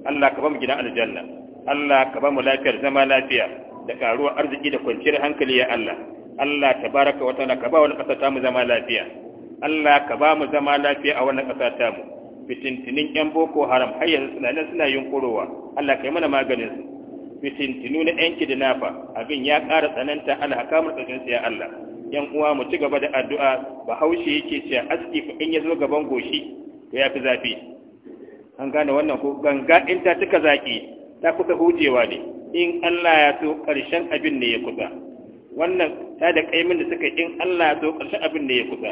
Allah ka ba mu gidan aljanna Allah ka bamu mu lafiyar zama lafiya da karuwar arziki da kwanciyar hankali ya Allah Allah tabaraka wa ta'ala ka ba wani ƙasa ta mu zama lafiya Allah ka ba mu zama lafiya a wannan ƙasa ta mu fitintinin yan boko haram har yanzu suna nan suna yunkurowa Allah ka yi mana maganin su fitintinu na yan kidnafa abin ya ƙara tsananta Allah hakamar mu tsakin ya Allah yan uwa mu ci gaba da addu'a bahaushe yake cewa aski in ya zo gaban goshi to ya fi zafi an gane wannan ko ganga in ta cika zaki ta kusa hujewa ne in Allah ya so ƙarshen abin ne ya kusa wannan ta da kaimin da suka in Allah ya so ƙarshen abin ne ya kusa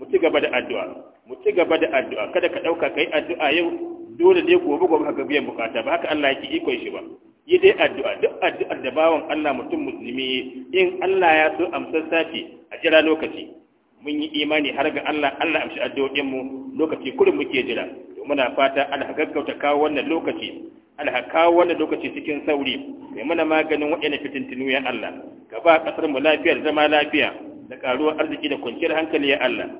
mu ci gaba da addu'a mu ci gaba da addu'a kada ka dauka kai addu'a yau dole ne gobe gobe ka biyan bukata ba haka Allah yake ikon shi ba yi dai addu'a duk addu'ar da bawan Allah mutum musulmi in Allah ya so amsar sati a jira lokaci mun yi imani har ga Allah Allah amshi addu'o'in mu lokaci kullum muke jira muna fata Allah gaggauta kawo wannan lokaci Allah kawo wannan lokaci cikin sauri kai mana maganin waɗannan fitintinu ya Allah ka ba kasar mu da zama lafiya da karuwar arziki da kwanciyar hankali ya Allah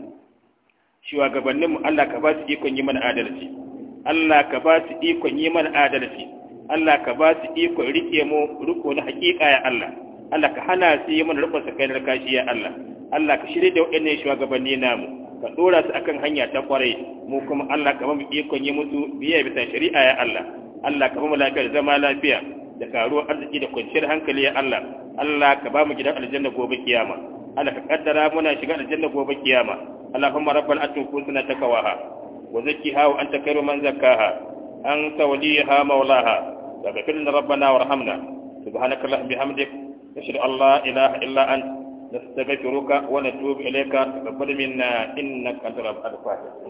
shugabannin mu Allah ka ba su ikon yi mana adalci Allah ka ba su ikon yi mana adalci Allah ka ba su ikon rike mu riko na haƙiƙa ya Allah Allah ka hana su yi mana rubuta da kashi ya Allah Allah ka shirye da waɗannan shugabanni namu ka dora su akan hanya ta kwarai mu kuma Allah ka bamu ikon yi musu biya bisa shari'a ya Allah Allah ka bamu lafiya da zama lafiya da karuwar arziki da kwanciyar hankali ya Allah Allah ka bamu gidan aljanna gobe kiyama Allah ka kaddara muna shiga aljanna gobe kiyama Allahumma rabbal atin kunna takawaha wa zakkiha wa anta khairu man zakkaha anta waliyaha maulaha wa rabbana warhamna subhanaka bihamdik nashhadu an la ilaha illa anta نستغفرك ونتوب إليك تقبل منا إنك أنت الغفور الرحيم